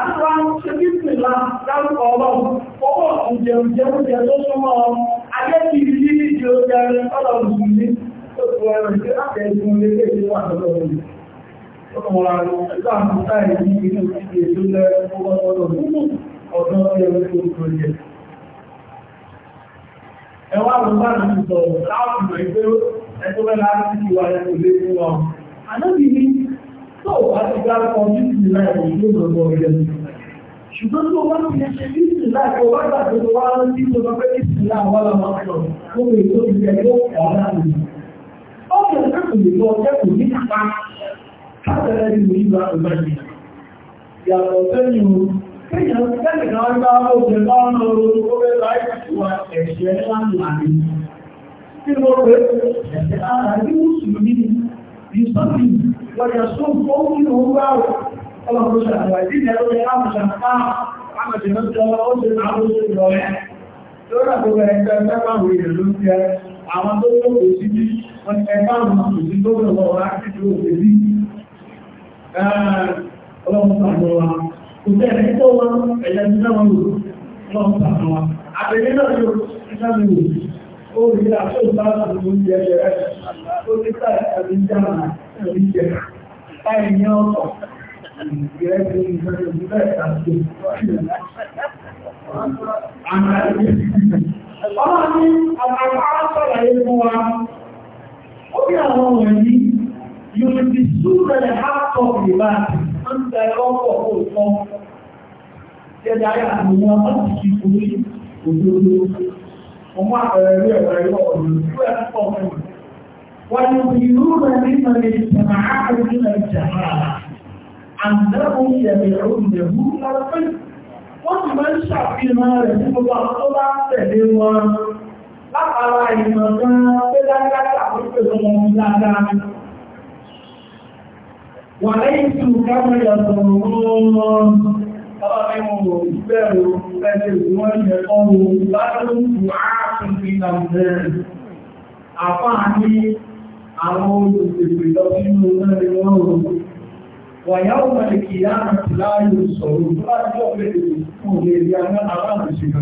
Speaker 1: àtúwà ṣe bí pìlá dárúkọ ọlọ́run ọwọ́ ọ̀tún jẹun jẹun jẹ tó súnmọ́ ọmọ ajẹ́ kí ilé ìjọ jẹun ọlọ́run ní tó tó ẹ̀rọ ìgbé láti ẹ̀sùn lé Ẹwà àrùbá ní ìsọ̀rọ̀ láàpùpù ẹgbẹ́ ẹgbẹ́ láti ìwà ẹ̀kùn lé fún wa. Ànábì ní tó wà ti gbárùkọ nítìlì láìpù tó lọ́gbọ̀ rẹ̀. Ṣùgbọ́n tó wá ti ṣe nítìlì láìpù wá gbàtí tó wá rántí tó lọ pé nítìlì láàwọ́ láwọn ọ̀pọ̀ tó lè tó ti ẹgbẹ́ ọ̀pọ̀ látẹ̀lẹ́ àwọn ìdíjẹ́ ẹ̀rọ yẹ láàmùsà máa àmàtì náà jọ ó ṣe máa ló ṣe lọ rẹ̀. Lórí àkókò ẹgbẹ́ mẹ́fàwò ìrẹ̀ ló ń jẹ àwọn Ah, ọlọ́run sàánú wa kò wa ó rí àwọn àwọn You will be yòòdì súnrẹ̀lẹ̀ hàtọ̀ the ń bẹ̀rẹ̀ ọkọ̀ òfin jẹ́dá yà àwọn ọmọdé ìfúnni òdodo ọmọ àpẹẹrẹ ẹ̀rọ ẹ̀rọ ọ̀dọ̀ ẹ̀fọ́ ọ̀fẹ́ wọ́n yóò yóò rẹ̀ nínú ìtẹ̀mà ápùsí náà jàmà àdáhùn ìyẹ̀mẹ̀ òmìnirú lọ́pẹ́ wọ́n ti máa ń ṣàfihàn rẹ̀ ní gbogbo àwọn tó bá tẹ̀lé wọn látara ìmọ̀ gan-an pé dáadáa àpòpẹ̀ ọmọ ọmọ dáadáa وليس كما يظنون قالوا اجبروا فتزوج قوم لهم دعاء في الأمثال أفعني àwọn olùsèpè lọ sínú lẹ́rin wọ́n rò wàyáwó mẹ́lẹ̀kì yára láàrín ìṣòro tó láti ọ̀pẹ́ ìlú fún olè rí aláàrùn ìṣègbè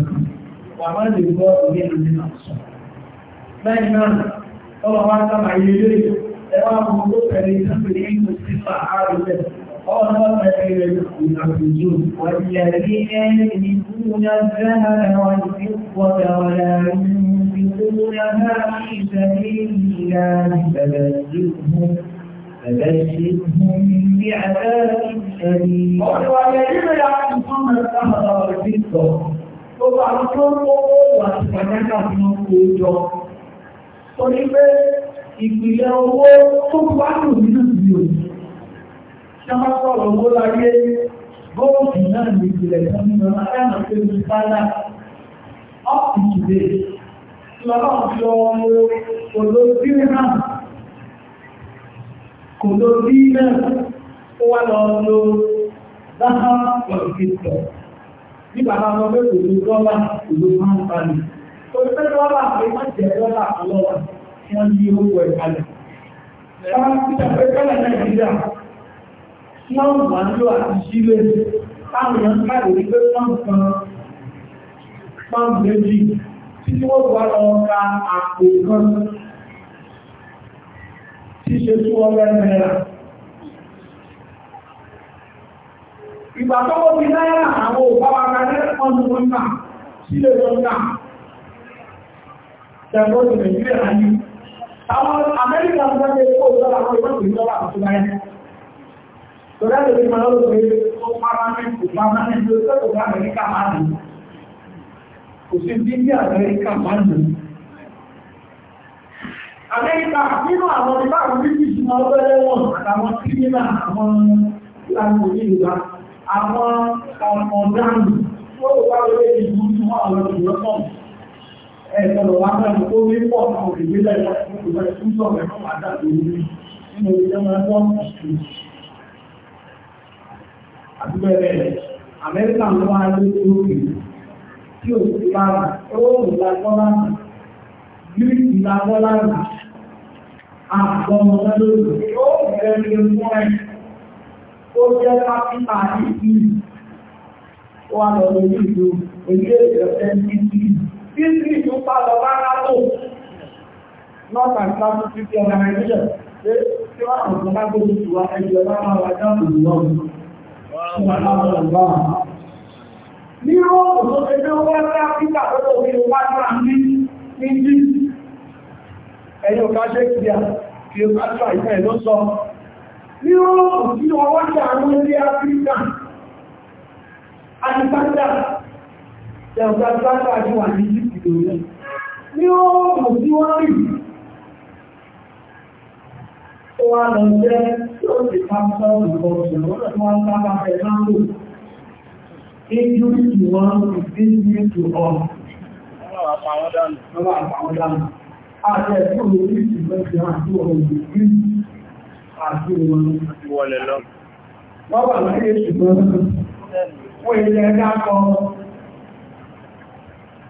Speaker 1: wà má lè gbọ́ orí ẹ̀rọ nínú lẹ́yìn náà tọ́lọ wá sábà yé ẹwà mú tó والذين يكون الذهب والفضة ولا ينفقونها في سبيل الله فبشرهم فبشرهم بعذاب أليم والذين يعرفون الذهب والفضة Gbogbo àwọn tó ń kó wà sí ìpìlẹ̀ owó tó bá lò nínú ìlú òní. Ṣọ́mọ́ sọ̀rọ̀ owó láyé góòlù náà ní ìpìlẹ̀ ìtọ́nínú aláàmà pé ní Fádà up to today. Lọ́lá ọ̀ṣọ́ ọmọ olóòtú náà kò ló bí náà ó wá lọ lo dáhà ọ̀dùkìtọ̀. Nígbà máa lọ pé kò ló dọ́là kò ló máa ń balẹ̀. Kò ló pé dọ́là pé má jẹ́ dọ́là lọ́wọ́ wọ́n yí owó ẹ̀ kalẹ̀. Sáwọn títà pé kọ́lẹ̀ Nàìjíríà, wọ́n wà ń lò àti sílé, táwọn èèyàn káàdì rí pé wọ́n kan pọ́n méjì títí wọ́n wà lọ ka àpò kan tí ṣe tú ọgbẹ́ náírà. Ìgbà tọ́wọ́ ti náírà àwọn òpápá náírà kan ní wọ́n náà sílé lọ́nà. Ṣẹ̀gbọ́n ti Nàìjíríà yìí Àwọn Amẹ́ríkà ń gbọ́dọ̀ kó ìjọba àwọn ìwọ́n ìjọba àti báyẹn. Tọ́lá lè fi máa lọ́wọ́ pé ó máa ní kò máa máa ní ló sọ́tò fún Amẹ́ríkà máa nù. Kò sí bí bí nínú àwọn ìbá àwọn bíbí ti wọn àtàwọn kírímà àwọn ìlànà ìlú àwọn ọmọ Wọ́n lè wá lórí ìlú tí àwọn ìlú lọ́sọ̀ọ̀sọ̀ ẹ̀sọ̀rọ̀ wá tó ní pọ̀ náà ìgbélẹ̀ ìgbésọ̀rọ̀ ìgbésọ̀rọ̀ ẹ̀kọ́ àdáàbò orí nínú ìjọba ẹgbọ́n ìṣòro. Àbúgbẹ̀rẹ̀ Amẹ́ríkà ní orí ó ti lára, ó rùn lágbọ́ lára, gíríkì lágbọ́ ìlú, Disney tó bá lọ bá rátò North and South City Organization tí wọ́n àwọn ọ̀gbọ́n bá gbogbo ìwà ẹgbẹ́ láwọn àwọn àjáàmù lọ́wọ́. Ní ọ̀pọ̀ tó ṣe tó wọ́n rá pítà lọ́dọ̀ orí wá náà ní Ìjí. Ẹ̀yọ̀ ká ṣe kí a kí o ká ṣà ìfẹ́ ló sọ. Ní ọ̀pọ̀ tí wọ́n wá ṣe àwọn ilé Áfíríkà, Alexander ẹ̀ọ̀gbà gbágbà ní wà ní Egypt lórí ní ó mọ̀ sí wọ́n rí ó wá lọ jẹ́ tí ó sì pa sọ́ọ̀nù ọ̀sẹ̀ lọ́nà tí wọ́n bá bá fẹ́ máa lò injury to one injury to all. Àwọn àpàwọn dànù. Àwọn àpàwọn dànù. Àti ẹ̀kọ́ lórí ìsìnkú àti ọ̀rọ̀ ìgbìyànjú àti ìwọ̀n. Wọ́n wà láyé ṣùgbọ́n wọ́n ilẹ̀ ẹ̀dá kan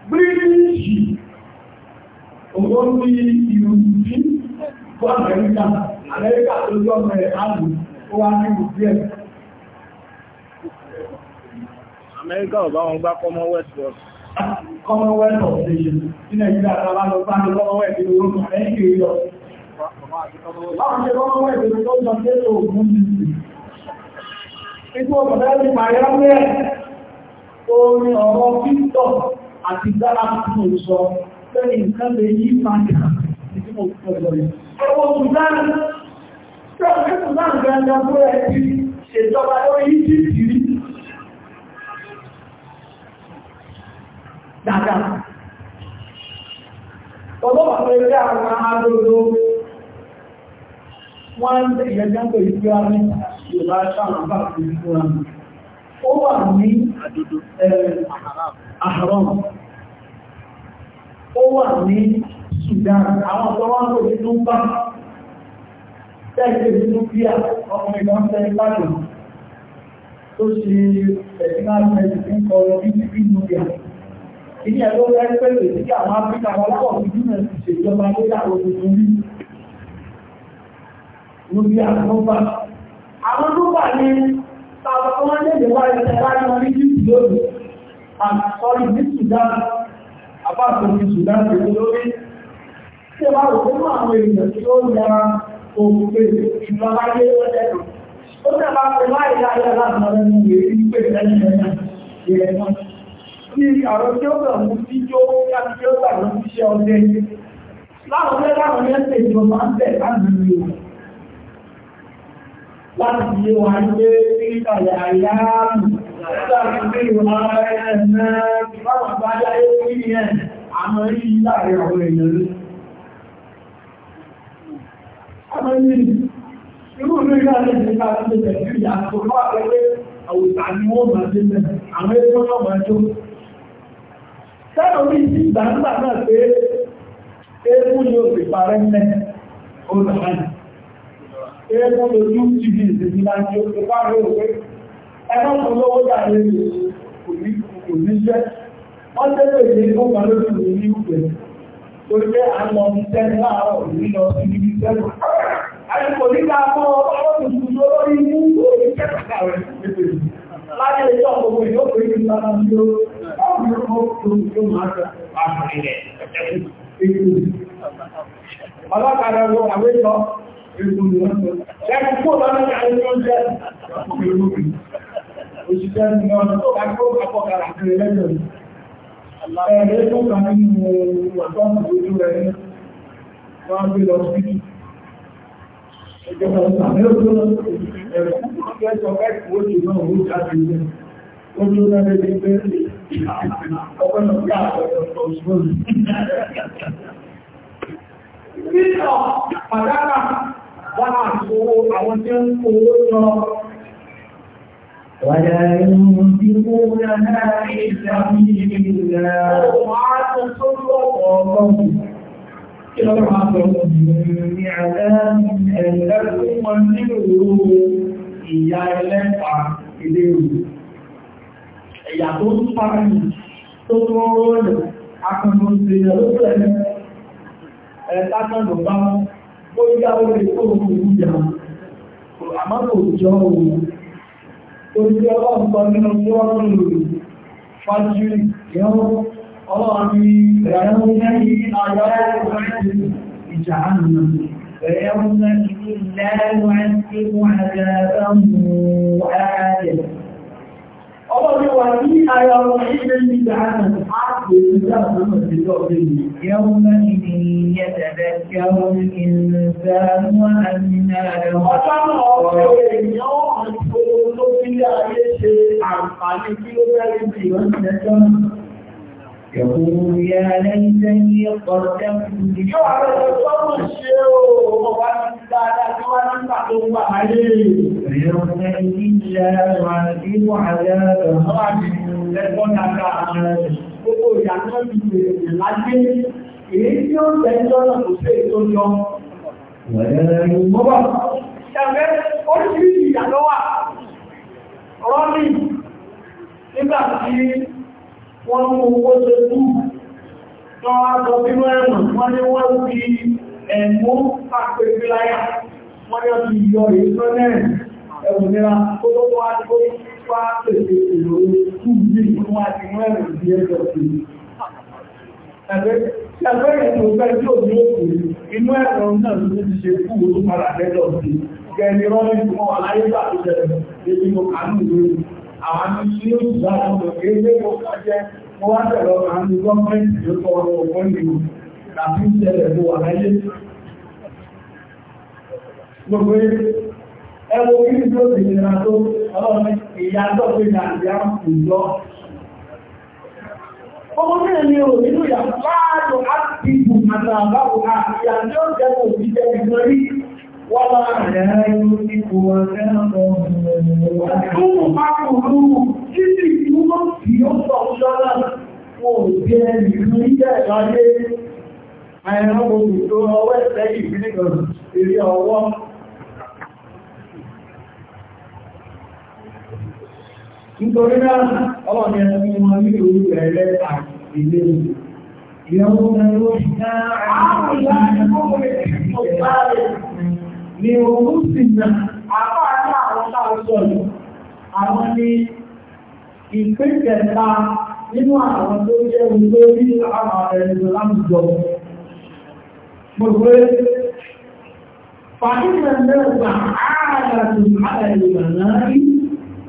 Speaker 1: bíríṣì owó ní ìrùbí fún amẹ́ríkà amẹ́ríkà tó yọ mẹ́rẹ̀ àlù ó wá wọn gbá commonwealth wọ́n commonwealth of nation ní nàìjíríà tàbá lọ bá ní commonwealth ní orúkọ amẹ́ríkà yọ láwọn ṣe commonwealth ní tó jọ tẹ́lẹ̀ ògùn nìyí Ipò ọ̀pọ̀lẹ́lẹ́pàá yá mẹ́rin, orin ọ̀rọ̀ Kíntọ̀ àti dára fún sọ lẹ́yìn nǹkan lè yí padà tí mo fẹ́ lọ yìí. Ọwọ́ Sudan, tí ó fẹ́ fún ìfúra náà ó wà ní àhàrán ó wà ní Sudan àwọn ọ̀tọ́wà ń lòdí tó ń bá tẹ́ẹ̀kẹ́ nínú bí i ọkùnrin ìgbọ́n tẹ́ ìpàdé tó ṣe ẹ̀dínláàrí ẹ̀dínláàrí kọ̀ọ̀rọ̀ bí i nínú bí i ìní ẹ̀lọ́ ẹgbẹ̀rẹ̀ sí àwọn Áfíríkà wà ní Àwọn ọmọdé lè wá ẹ̀sẹ̀ láti wọn ní Jíìtì lórí. Àkọ́rí ní Sudan, àbáàkọ̀ ní Sudan ti lórí. Ṣé wá rò fún àwọn èèyàn tí ó ya ohun pé ìjọba yé ó lẹ́nu. Ó tẹ́lá pé láì láyé láti wọn ní ìwé ní pé lẹ́yìn ẹ̀yà ìrẹ̀ náà. Ní àwọn tí ó bẹ̀rù mú sí jó láti tí ń bẹ̀ láti ìlú láti náà pé eégún ni ó parẹ́ mẹ́ ó lọ́wọ́ ẹgbẹ́ lójú tv ìsinmi máa ń jẹ́ òpá rẹ̀ òpé ẹgbẹ́ tó lówó dàrí kò ní jẹ́ wọ́n tẹ́lẹ̀ ní ọgbà lójú ní ní ìpẹ́ tó jẹ́ àwọn ọmọdé láàárọ̀ nínú ibi sẹ́lẹ̀ àyíkò nígbà mọ́ ọlọ́pàá tuntun lórí mú òní kẹ́kọ̀ọ́ rẹ̀ láyé ẹjọ́ gbogbo ìyókò ìlú lára ń lo ọmọ ọmọ tó máa ń bá àpẹẹrẹ ọlọ́kadà wo àwẹ́jọ́ Òṣìṣẹ́ ni wọ́n tó bá kó àpọ̀kàrà kiri lẹ́jọ̀ yìí. Ẹ̀rẹ́ tó kà nínú ọ̀tọ́ ìlú rẹ̀ wọ́n gbé lọ sí ìjọba ìsàmí òjò ẹ̀rọ fún ẹ̀sọ̀ ẹ̀kù òjò náà ó jáde ilẹ̀. Ó ló lẹ́rẹ́ ní pé ọgbẹ́nà bí àpẹẹrẹ ọ̀ṣùgbọ́n wọ́n àkówó àwọn tí ó ń kówó lọ. Wàdà Ó máa tó tó lọ́pọ̀ Kí lọ́pọ̀ máa sọ ní àdáàmì ẹ̀lẹ́gbẹ̀rún wọn ìyá ẹlẹ́pàá ó yá orí ohun ìyá àmọ́ kò jọ òun torí pé ọlọ́run sọ nínú tí wọ́n ń lò fájúrì yẹ́wọ́ ọlọ́run ní ẹ̀rọ lẹ́yìn ayọ́ ìjà àná ẹ̀rọ lẹ́yìn lẹ́wọ̀n ọlọ́rin wà ní ara ọmọ àwọn ìjọba wọn Ọjọ́ náà ṣe àǹfààní kí الفحشاء وعذيب عذاب Gbogbo ìyàtọ̀ ìgbèrè lágbé, èyí tí ó tẹ́jọ́ lọ kò sí ètò yọ. Wẹ̀rẹ̀ ìmọ́bà. Ṣẹ̀fẹ́ oríṣìíríṣìí ìyàtọ̀ wà. Rọ́lì, nígbà tí wọ́n mú owó ṣe tú, tán á sọ bí mẹ́rin wọ́n ní wọ́n fi ẹ̀mú pàpẹ̀ ẹ̀wù nira ó tó wá tó wá pèsè ìlò fún bí fún àti mẹ́rin bí ẹjọ́ sí ẹgbẹ́ ìlú fẹ́ tí ò ní òkú inú ẹ̀rọ náà ló ti ṣe fún olú padà lẹ́jọ́ sí gẹ̀ẹ́ni rọ́lẹ́ tí wọ́n wà láyé bá tó jẹ̀rẹ̀ ebi mo kà ní ìwé àwọn ní ó ti bá wọn lọ kí ilé mo kà jẹ́ mo wá tẹ̀lọ ẹwọ kí ní ó ti nira tó ọlọ́run ìyàtọ̀ pé ní àríyá ìjọ ọmọ náà ni ò nínú ìyàtọ̀ àtìkù àtàbáwò àríyá tí ó jẹ́ kò sí jẹ́ ìgbẹ̀rí wọ́n máa rẹ̀ ẹ̀rọ ní kò wọ́n fẹ́ràn ọmọ ọmọ ọmọ nítorí náà ọlọ́ni àwọn ni ìpínkẹta nínú àwọn tó jẹ́ olórí àwọn ẹ̀rọ láwùjọ gbogbo fàílẹ̀ mẹ́ta ààrẹ àti ààrẹ ìrànlọ́rí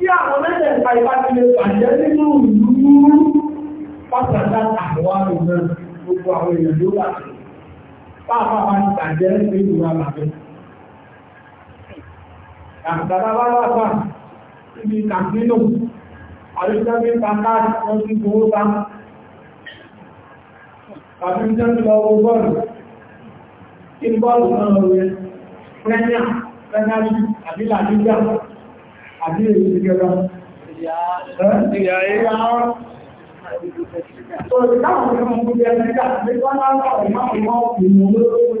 Speaker 1: tí àwọn mẹ́tẹ̀ẹ̀ta ìbájúlé pàjẹ́ nínú ìlú pàtàkì àwọn àrùn gbogbo àwọn èèyàn ló wà pàápàá bá pàjẹ́ nínú àbàbẹ́ àgbàdá ti lọ bọ́ọ̀lù kí bọ́ọ̀lù náà rẹ̀ pẹ́nyà pẹ́nyà àbí làdíjà àbí èyí ti gẹ́gẹ́ So, ìdáhùn ọmọ ọmọdé ẹgbẹ́gbẹ́ àti wọ́n máa ń bá ọmọ ọmọ ìmú olóòrùn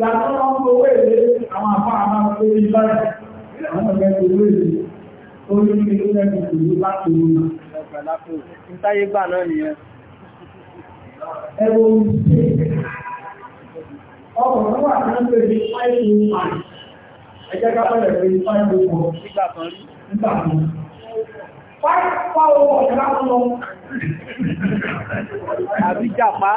Speaker 1: Yàtọ̀ ọkụ kó ebe àwọn àpá àmà tó báyìí. Àwọn ọ̀gẹ́ tó rí èlé ní ilé ẹ̀kùn láti rí nà. wà ní ọjọ́ fáìlì ìpàdé. Ẹjẹ́ pé fáìlì oh oh ìpàdé.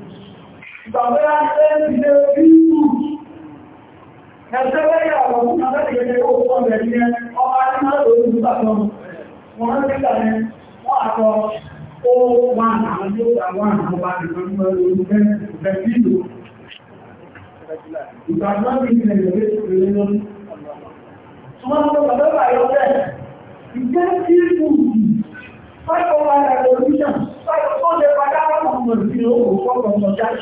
Speaker 1: ìgbàgbé láti ilé bíbù ẹ̀sẹ̀ lẹ́yà ọ̀rọ̀ fún abẹ́gẹ̀gẹ̀ ó pọ̀ lẹ́yìn ẹ ọmọ aláàrẹ̀ lórí ìgbàgbọ́n wọn rántí ìgbàgbẹ́ wọ́n àtọ ó wà náà ní ó àwọn àwọn bá ti fún ọmọ lórí bẹ́ẹ̀bílò ìgbàgbọ́n ti ilẹ̀ ìrẹ̀lẹ́ ìrẹ̀lẹ́ lórí ṣùgbọ́n mo bàbá bàyọ̀ bẹ́ẹ̀ ìgbẹ́ bíbù Fáìkọ̀ wà lára ìrọ̀lúṣàn, fáìkọ̀ tó lè padà wọ́n mọ̀ sí ó kò fọ́kàn mọ̀ jáde.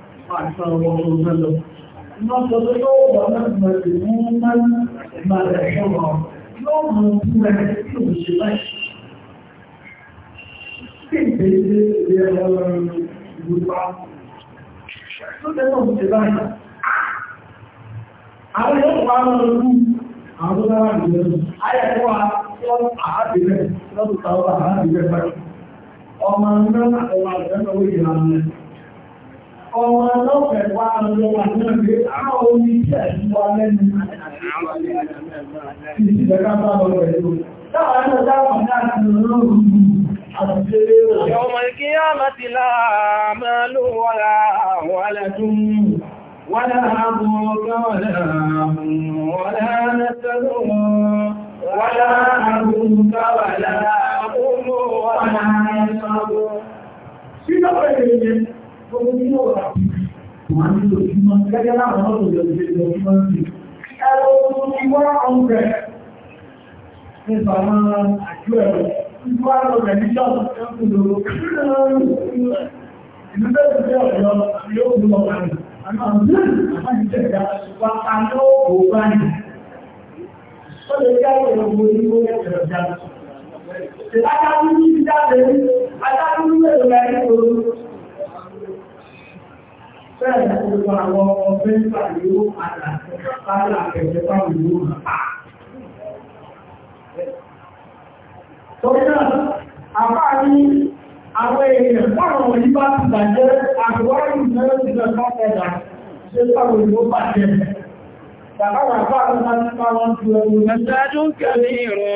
Speaker 1: àṣà ọmọ mẹ́lọ. Mọ́sọ̀ tó yóò wà mẹ́rin mẹ́rin mẹ́rin mẹ́rin ṣọ́wọ́ yóò mọ̀ sí mẹ́rin tí ó ṣe láìṣẹ́. Kí ìpèsè ilé ẹ̀rọ ìgbùgbà tó tẹ́lọ̀ ṣe báyìí. Àwọn yóò wà lọ́rùn àwọn tó dára ìgbẹ̀rẹ̀. Ayẹ̀kọ́ àwọn àábìrẹ̀ lọ́tùtà ọba àábìrẹ̀ báyìí. Ọmọ ẹgbẹ́ àtọwà ìgbẹ́mọ̀ orí ìlànà ọmọ ọlọ́pẹ̀ wá lọ wà náà pé àwọn omi tí ẹ̀sùn wa lẹ́nu ìṣẹ̀ká bá lọ pẹ̀lú. Táwọn ẹ̀sùn dáwọn náà ti lọ́rùn يوم القيامة لا مال ولا ولد ولا أبوك ولا أم ولا نسل ولا أبوك ولا أم ولا نسل tó ní ní ìlú àrọ̀ rẹ̀ ní ṣọ́ọ̀tún ẹ̀kùn lòrò ìlú wà á lọ́wọ́ bá ó lè jẹ́ ìrọ̀gbọ̀ ìlú ẹ̀rọ jáde. Ìlú bẹ́ẹ̀ àwọn èèyàn báwọn wọ̀nyí bá ti bàjẹ́ àgbáyé náà ti lọ sọ́kẹ̀dà ṣe báwọn yóò bàjẹ́. Mẹ́sájú kẹrìnrún,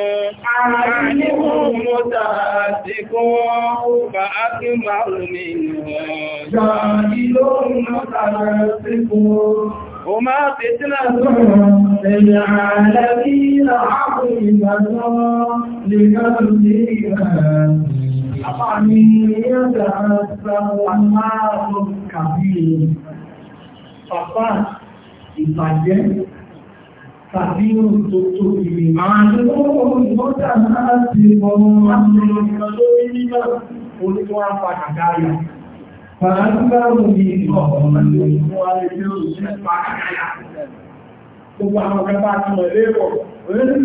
Speaker 1: àìníwò mọ́ta àti kún ọ̀pá ápí máa rùn ní ìrìn وما فتنة للعالمين عظيمة لقلبها أطعمية أسفر أنهار كبير فقط ìbàjẹ́ tàbí ohun tó tóbi rẹ̀. Àwọn ohun ìgbọ́ta máa ti mọ́ láti lọ lórí nígbà olùkọ́ àpàdà dáyà. Fàájúgbàrù ní ọ̀pọ̀lọpọ̀ ìwọ̀n alẹ́bí òṣìṣẹ́ pàákàyà. Gbogbo àwọn ọ̀gá bá ti mọ̀ lérò, orílẹ̀-èdè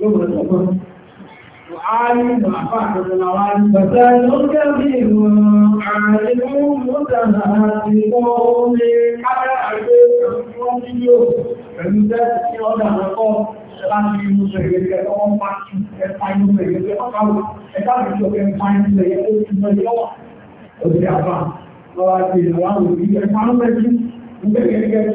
Speaker 1: yóò mọ̀ lọ́gbọ́n. عالم أحفظ العالم فسنكبر عالم متناسب حتى أعرف pẹ̀lú tẹ́sí ọjà àkọ́ láti inú ṣẹ̀rẹ̀lẹ̀ ọwọ́ pàtí ẹ̀fà inú ṣẹ̀rẹ̀lẹ̀ ọkàwọ̀ ẹ̀dá ìṣọ̀kẹ́ ẹ̀fà inú ṣẹ̀rẹ̀lẹ̀ ó ti mọ̀ yọ́wà òdí àbá lọ́wọ́ ti ìwà òdí ẹ̀fà ń bẹ́jú ń bẹ̀rẹ̀ gẹ́gẹ́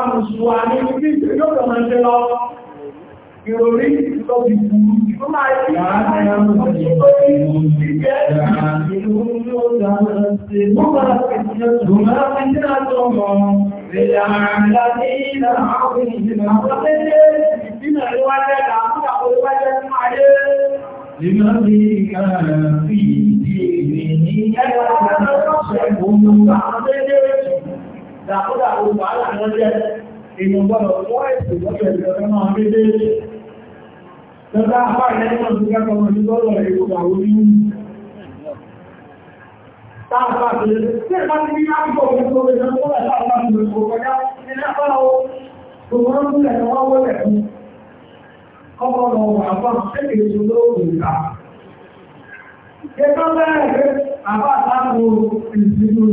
Speaker 1: amùsùwà ní ibi ìgbẹ̀lọ́gbọ̀n máa jẹ́ lọ ìròrí tó bí burú tó máa rí Ìmọ̀ bí ìkàrà fi ìdí ìrìn ní ẹgbẹ̀rẹ̀ ọ̀pọ̀ ṣẹ́gun ló bá ń dédé dàkúdà olùkọ́ aláàmọ́ jẹ́ èèyàn gbọ́dọ̀ wọ́n èsì lọ́dọ̀ ẹ̀sẹ̀ ọ̀rẹ́ máa méjèèjì lọ́dọ̀ apá ìlẹ́gbọ̀n tó kẹ́kọ̀ọ́ mọ̀ ní lọ́dọ̀ èkó àwọn oníwú táàpá tó lè ṣe bá ti ní àpọ̀ òun tó lè lọ́dọ̀ láàpá tó lè kò kọjá ilé apá o tó wọ́n ń lẹ̀ wọ́n wọ́lẹ̀ fún Ẹgbẹ́ bẹ́ẹ̀ rẹ̀ àbá àtàkùn ìsinmi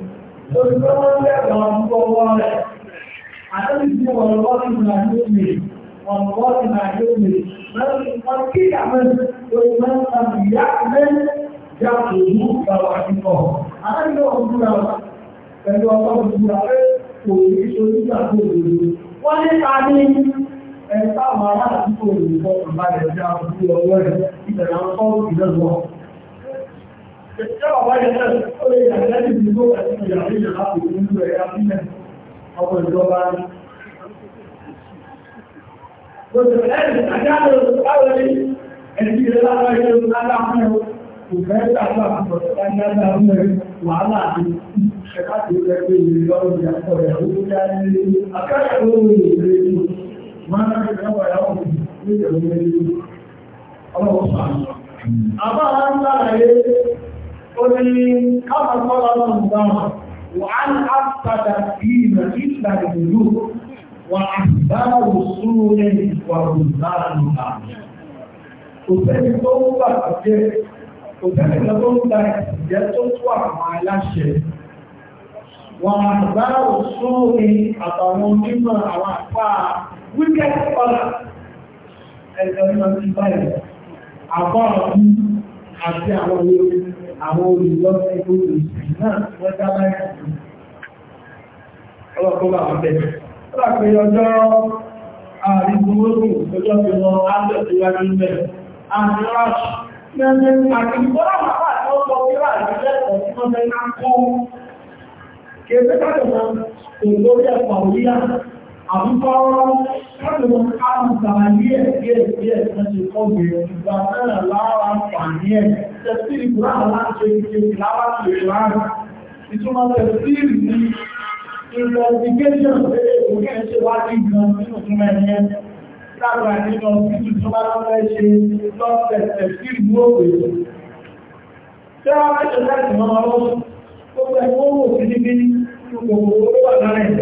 Speaker 1: lórí tó wọ́n lẹ́rọ ọmọ ọwọ́ rẹ̀. Àtẹ́lì tí wọ́n lọ́wọ́ sí ìrìn àjò mi, wọ́n lọ́wọ́ sí ìrìn àjò mi, wọ́n kí àmẹ́ lórí mẹ́ta ìyá mẹ́ yàtò mú ìgbàwà àdìpọ̀. Àtẹ́lì náà ń búra pẹ̀lú ọkọ̀ ìbúra pé kò ní sórí ìgbàgbọ́ òdodo. Wọ́n ní ta ní ẹ̀ka àwọn aláàdúgbò òyìnbó ìbálẹ̀ ọjà àbúrò ọwọ́ rẹ̀ ìbẹ̀rẹ̀ àwọn Ọlọ́wọ́ sọ àwọn. Àbá قل كما قال الله وعن أفسد دين إلا الملوك وأحبار السور ورزقانها òtẹ́ni tó ń gbà jẹ́ òtẹ́ni tó ń gba ìjẹ́ tó tó àwọn aláṣẹ wọn àgbà àwọn àpá wíkẹ́t ọ̀là àwọn olùlọ́sẹ̀ tó lè sì náà wọ́n dá láyé àti ọlọ́pọ̀ bá wọn bẹ̀rẹ̀. Ó bá pé ọjọ́ àrígbòmógún ọjọ́ fi wọn á lọ sí wá ní ilẹ̀. Àmì ráṣì, mẹ́rin àti ìgbọ́lá bàbá àti ọkọ̀ ìrà ìrẹ́lẹ́kọ̀ọ́ tí wọ́n mẹ́rin á kọ́. Kèé àbúkọ́ káàkiri káàkiri sàmàlì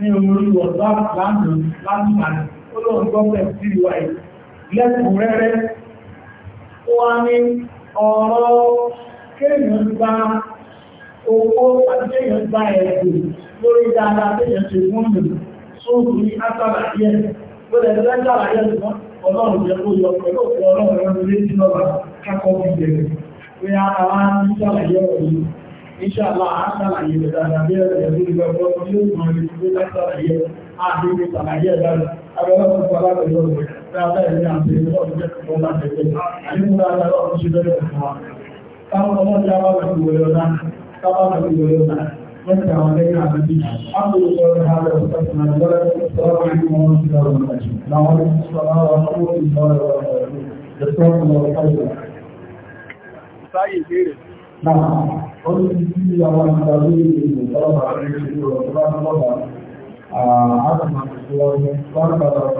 Speaker 1: ní orí ọ̀dọ́ àpùlánà láti màá olóòrùn gọ́ọ̀mẹ̀ sí ìwà ìlẹ́kùnrẹ́rẹ́ ó wá ní ọ̀rọ̀ kéèyàn gba owó àti kéèyàn gba ẹ̀kùn lórí dáadáa kéèyàn ṣe wọ́n lè sóòrùn ní átàlàyé Gbọ́dẹ̀ lẹ́gbàlàyé ṣùgbọ́n ọlọ́run jẹ́ kó yọ pẹ̀lú ọ̀pọ̀ ọlọ́run rẹ̀ lórí tí lọ́wọ́ kákọ́ fi bẹ̀rẹ̀. Bí a ara ń ṣàlàyé ọ̀rọ̀ yìí, Ìṣàlá àṣàlàyé ìdàdàbí ẹ̀rẹ̀ ìgbẹ̀gbẹ̀ ọmọ yóò mọ̀ ní ìgbẹ̀ látàlàyé àdínlẹ̀ tàlàyé ẹ̀dàdà. Abẹ́lọ́pùpù alábẹ̀lọ́ rẹ̀, dáadáa ẹ̀rẹ́ àti ìrọ̀lẹ́gbẹ̀ ọmọ àtẹ́gbẹ̀. Àyíkúrà àdára ọmọ ṣe bẹ̀rẹ̀ ọmọ. Táwọn ọmọ ìyá bá bẹ̀rẹ̀ ìwẹ̀rẹ̀ ọ̀dá, táwọn bẹ̀rẹ̀ ìwẹ̀rẹ̀ ọ̀dá. Mẹ́ta àwọn ẹgbẹ̀rẹ̀ àti àpò Náà, ó ní tí àwọn ìgbàgbé ìgbàgbé ìgbàgbé ìgbàgbé